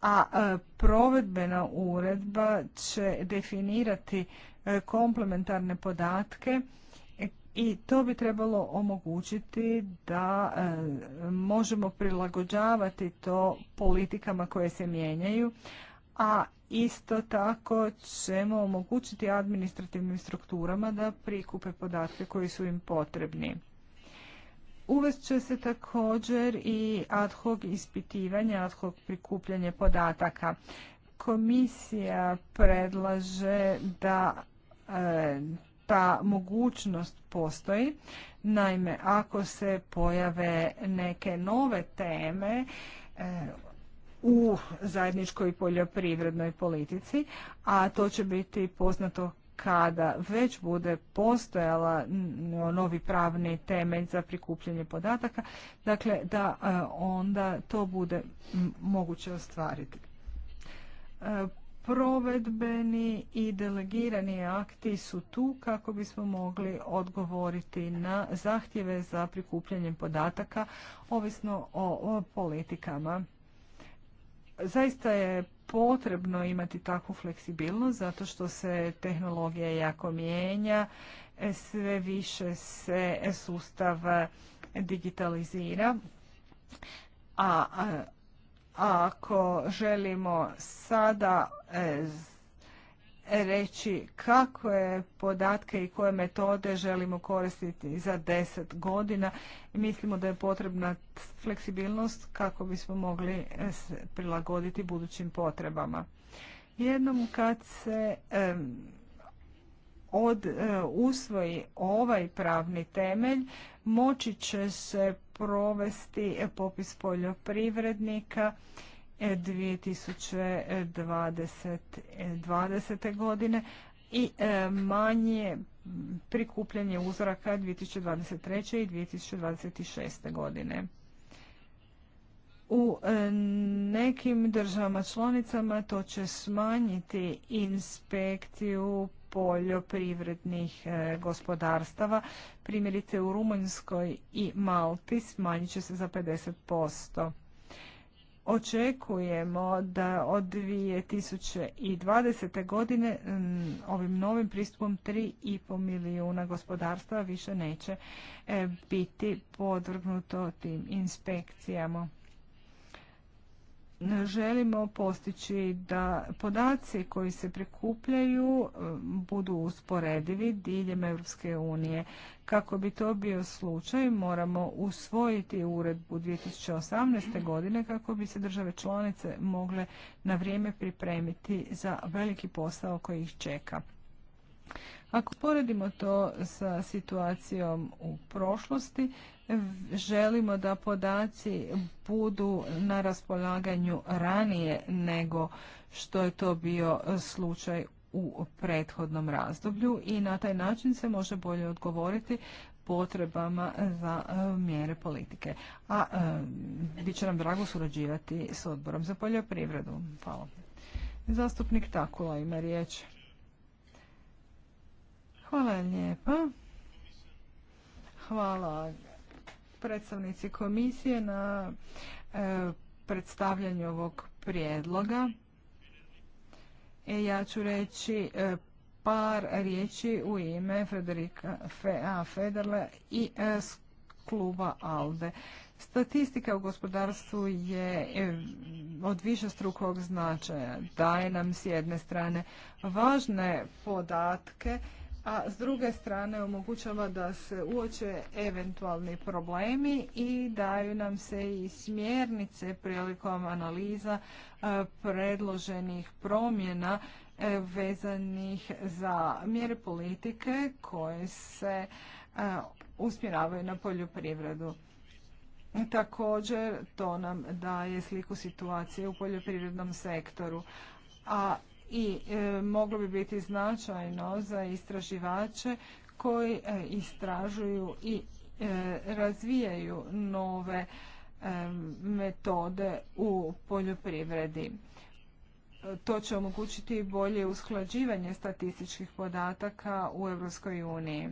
a e, provedbena uredba će definirati e, komplementarne podatke i to bi trebalo omogućiti da možemo prilagođavati to politikama koje se mijenjaju, a isto tako ćemo omogućiti administrativnim strukturama da prikupe podatke koji su im potrebni. Uvest će se također i ad hoc ispitivanje, ad hoc prikupljanje podataka. Komisija predlaže da e, ta mogućnost postoji. Naime, ako se pojave neke nove teme, e, u zajedničkoj poljoprivrednoj politici, a to će biti poznato kada već bude postojala novi pravni temelj za prikupljanje podataka, dakle da e, onda to bude moguće ostvariti. E, provedbeni i delegirani akti su tu kako bismo mogli odgovoriti na zahtjeve za prikupljanjem podataka ovisno o politikama zaista je potrebno imati takvu fleksibilnost zato što se tehnologija jako mijenja, sve više se sustav digitalizira. A, ako želimo sada e, reći kako je podatke i koje metode želimo koristiti za 10 godina. Mislimo da je potrebna fleksibilnost kako bismo mogli prilagoditi budućim potrebama. Jednom kad se od e, usvoji ovaj pravni temelj, moći će se provesti popis poljoprivrednika 2020. godine i e, manje prikupljanje uzoraka 2023. i 2026. godine. U e, nekim državama članicama to će smanjiti inspekciju poljoprivrednih e, gospodarstava. Primjerice u Rumunjskoj i Malti smanjit će se za 50% očekujemo da od 2020. godine mm, ovim novim pristupom 3,5 milijuna gospodarstva više neće e, biti podvrgnuto tim inspekcijama želimo postići da podaci koji se prikupljaju e, budu usporedivi diljem Europske unije. Kako bi to bio slučaj, moramo usvojiti uredbu 2018. godine kako bi se države članice mogle na vrijeme pripremiti za veliki posao koji ih čeka. Ako poredimo to sa situacijom u prošlosti, želimo da podaci budu na raspolaganju ranije nego što je to bio slučaj u prethodnom razdoblju i na taj način se može bolje odgovoriti potrebama za e, mjere politike. A e, bit će nam drago surađivati s odborom za poljoprivredu. Hvala. Zastupnik Takula ima riječ. Hvala lijepa. Hvala predstavnici komisije na e, predstavljanju ovog prijedloga. E, ja ću reći e, par riječi u ime Frederika Federle i kluba ALDE. Statistika u gospodarstvu je od više strukog značaja. Daje nam s jedne strane važne podatke a s druge strane omogućava da se uoče eventualni problemi i daju nam se i smjernice prilikom analiza e, predloženih promjena e, vezanih za mjere politike koje se e, usmjeravaju na poljoprivredu. Također to nam daje sliku situacije u poljoprivrednom sektoru. A i e, moglo bi biti značajno za istraživače koji e, istražuju i e, razvijaju nove metode u poljoprivredi. To će omogućiti bolje usklađivanje statističkih podataka u Europskoj uniji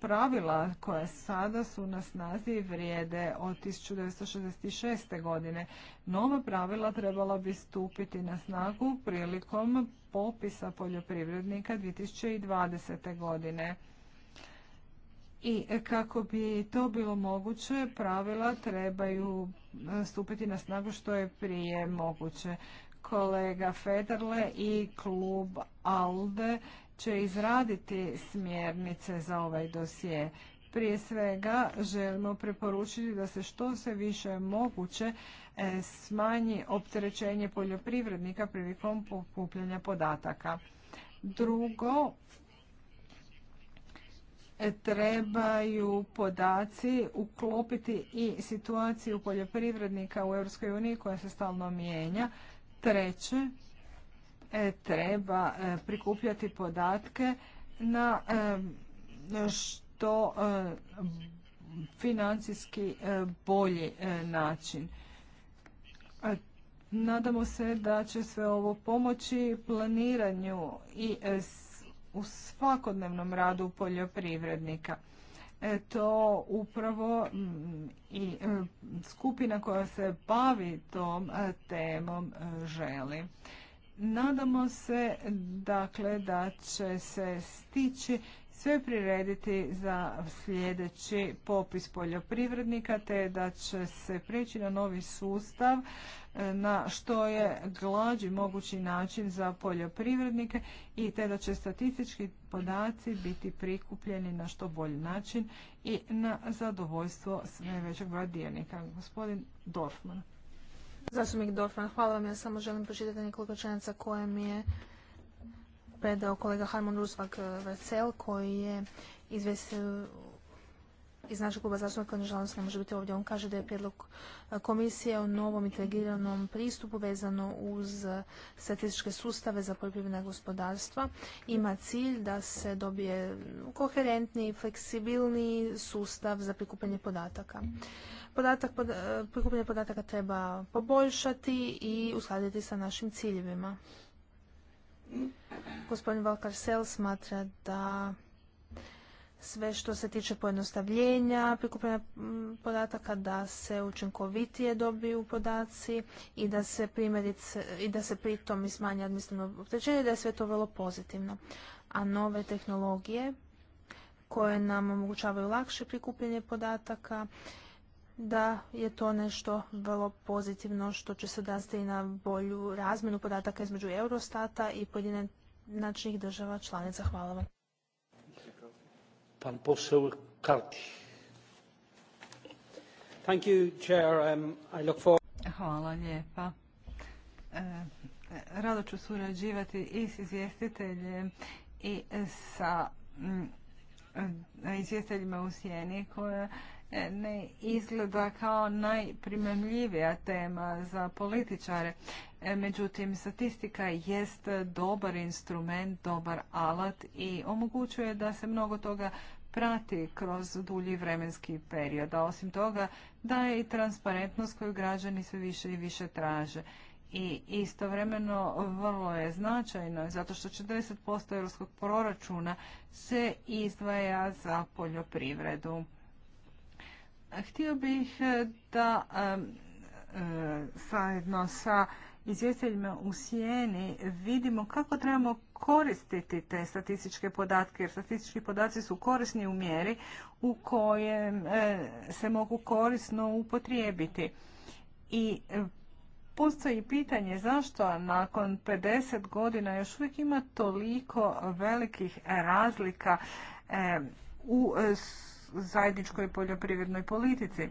pravila koja sada su na snazi vrijede od 1966. godine. Nova pravila trebala bi stupiti na snagu prilikom popisa poljoprivrednika 2020. godine. I kako bi to bilo moguće, pravila trebaju e, stupiti na snagu što je prije moguće. Kolega Federle i klub ALDE će izraditi smjernice za ovaj dosje. Prije svega želimo preporučiti da se što se više moguće e, smanji opterećenje poljoprivrednika prilikom pokupljanja podataka. Drugo, e, trebaju podaci uklopiti i situaciju poljoprivrednika u EU koja se stalno mijenja. Treće, E, treba e, prikupljati podatke na e, što financijski bolji način. Nadamo se da će sve ovo pomoći planiranju i u svakodnevnom radu poljoprivrednika. To upravo mm, i skupina koja se bavi tom temom želi. Nadamo se dakle da će se stići sve prirediti za sljedeći popis poljoprivrednika te da će se preći na novi sustav e, na što je glađi mogući način za poljoprivrednike i te da će statistički podaci biti prikupljeni na što bolji način i na zadovoljstvo sve većeg broja Gospodin Dorfman. Zastupnik Dorfman, hvala vam. Ja samo želim pročitati nekoliko čenaca koje mi je predao kolega Harmon Rusvak eh, vercel koji je izvestio iz našeg kluba zastupnika, nažalost ne može biti ovdje. On kaže da je prijedlog eh, komisije o novom integriranom pristupu vezano uz eh, statističke sustave za poljoprivredna gospodarstva. Ima cilj da se dobije koherentni, fleksibilni sustav za prikupljanje podataka podatak, eh, prikupljanje podataka treba poboljšati i uskladiti sa našim ciljevima. Gospodin Sel smatra da sve što se tiče pojednostavljenja, prikupljanja mm, podataka, da se učinkovitije dobiju podaci i da se primjerice, i da se pritom smanje administrativno opterećenje, da je sve to vrlo pozitivno. A nove tehnologije koje nam omogućavaju lakše prikupljanje podataka da je to nešto vrlo pozitivno što će se dasti i na bolju razmjenu podataka između Eurostata i pojedinačnih država članica. Hvala vam. Um, I Hvala lijepa. E, rado ću surađivati i s izvjestiteljem i sa mm, e, izvjestiteljima u Sjeni koje E, ne izgleda kao najprimemljivija tema za političare. E, međutim, statistika jest dobar instrument, dobar alat i omogućuje da se mnogo toga prati kroz dulji vremenski period. A osim toga daje i transparentnost koju građani sve više i više traže. I istovremeno vrlo je značajno zato što 40% europskog proračuna se izdvaja za poljoprivredu. Htio bih e, da e, e, zajedno sa izvjestiteljima u sjeni vidimo kako trebamo koristiti te statističke podatke, jer statistički podaci su korisni u mjeri u kojem se mogu korisno upotrijebiti. I postoji pitanje zašto nakon 50 godina još uvijek ima toliko velikih razlika u zajedničkoj poljoprivrednoj politici.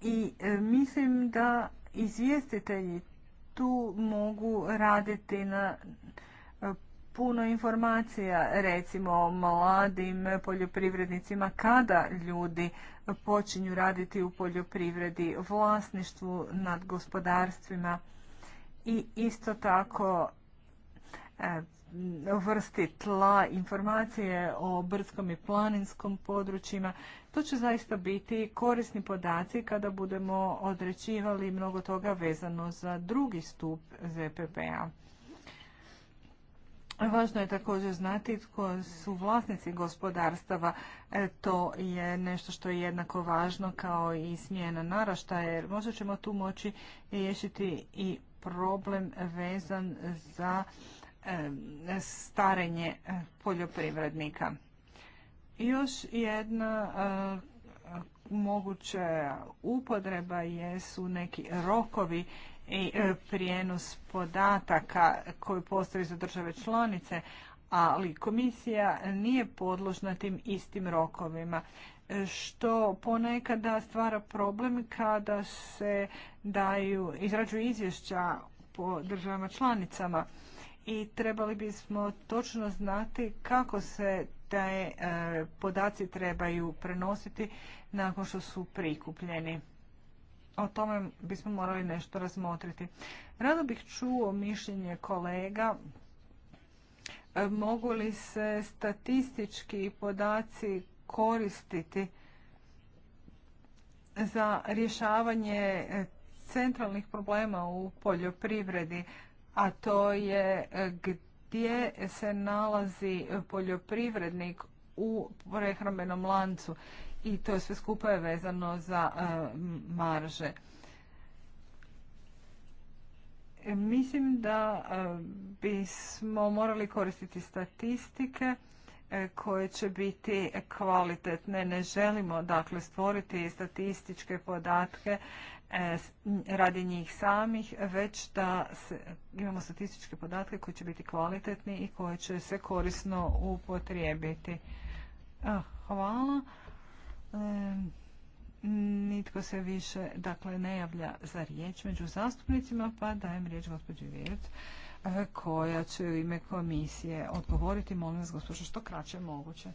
I e, mislim da izvjestitelji tu mogu raditi na e, puno informacija, recimo o mladim poljoprivrednicima kada ljudi počinju raditi u poljoprivredi, vlasništvu nad gospodarstvima i isto tako e, vrsti tla, informacije o brdskom i planinskom područjima. To će zaista biti korisni podaci kada budemo odrećivali mnogo toga vezano za drugi stup ZPP-a. Važno je također znati tko su vlasnici gospodarstava. E, to je nešto što je jednako važno kao i smjena naraštaja, jer možda ćemo tu moći riješiti i problem vezan za starenje e, poljoprivrednika. Još jedna e, moguća upotreba jesu neki rokovi i e, prijenos podataka koji postoji za države članice, ali komisija nije podložna tim istim rokovima što ponekada stvara problem kada se daju, izrađuju izvješća po državama članicama i trebali bismo točno znati kako se te podaci trebaju prenositi nakon što su prikupljeni. O tome bismo morali nešto razmotriti. Rado bih čuo mišljenje kolega e, mogu li se statistički podaci koristiti za rješavanje e, centralnih problema u poljoprivredi, a to je e, gdje se nalazi poljoprivrednik u prehrambenom lancu i to sve skupa je vezano za e, marže. Mislim da e, bismo morali koristiti statistike koje će biti kvalitetne. Ne želimo dakle stvoriti statističke podatke E, radi njih samih, već da imamo statističke podatke koji će biti kvalitetni i koje će se korisno upotrijebiti. Hvala. E, nitko se više dakle, ne javlja za riječ među zastupnicima, pa dajem riječ gospođi Virc e, koja će u ime komisije odgovoriti. Molim vas, gospođo, što kraće moguće.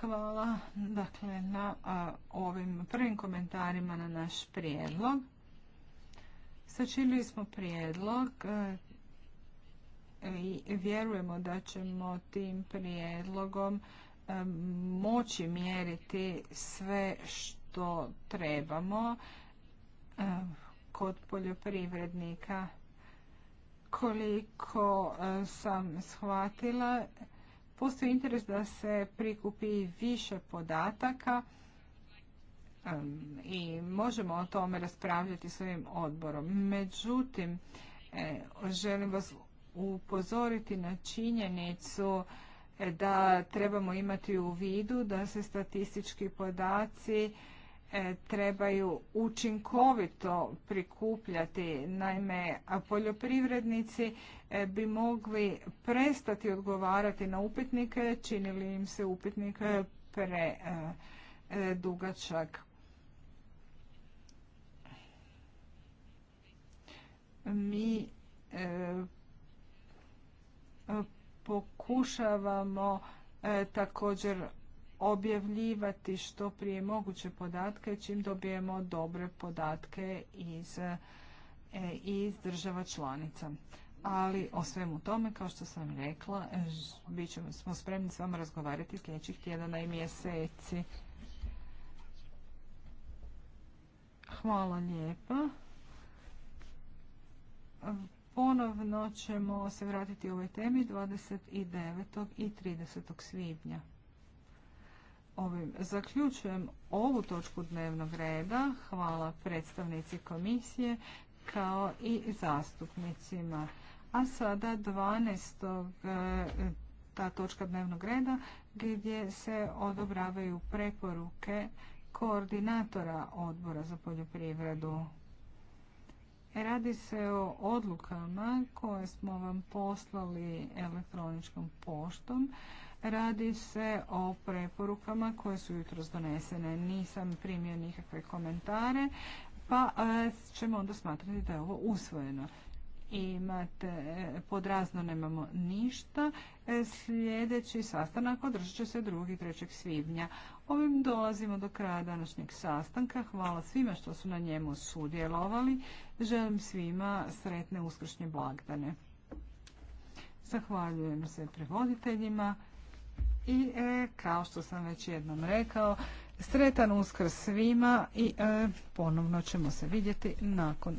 Hvala dakle, na ovim prvim komentarima na naš prijedlog. Sačinili smo prijedlog e, i vjerujemo da ćemo tim prijedlogom e, moći mjeriti sve što trebamo e, kod poljoprivrednika. Koliko sam shvatila, Postoji interes da se prikupi više podataka i možemo o tome raspravljati s ovim odborom. Međutim, e, želim vas upozoriti na činjenicu e, da trebamo imati u vidu da se statistički podaci E, trebaju učinkovito prikupljati. Naime, a poljoprivrednici e, bi mogli prestati odgovarati na upitnike, činili im se upitnik e, pre dugačak. Mi pokušavamo također objavljivati što prije moguće podatke čim dobijemo dobre podatke iz, e, iz država članica. Ali o svemu tome, kao što sam rekla, bit ćemo, smo spremni s vama razgovarati sljedećih tjedana i mjeseci. Hvala lijepa. Ponovno ćemo se vratiti u ovoj temi 29. i 30. svibnja ovim zaključujem ovu točku dnevnog reda. Hvala predstavnici komisije kao i zastupnicima. A sada 12. E, ta točka dnevnog reda gdje se odobravaju preporuke koordinatora odbora za poljoprivredu. Radi se o odlukama koje smo vam poslali elektroničkom poštom. Radi se o preporukama koje su jutros donesene. Nisam primio nikakve komentare, pa e, ćemo onda smatrati da je ovo usvojeno. Imate, pod razno nemamo ništa. E, sljedeći sastanak održat će se 2. i 3. svibnja. Ovim dolazimo do kraja današnjeg sastanka. Hvala svima što su na njemu sudjelovali. Želim svima sretne uskršnje blagdane. Zahvaljujem se prevoditeljima i e, kao što sam već jednom rekao, sretan uskrs svima i e, ponovno ćemo se vidjeti nakon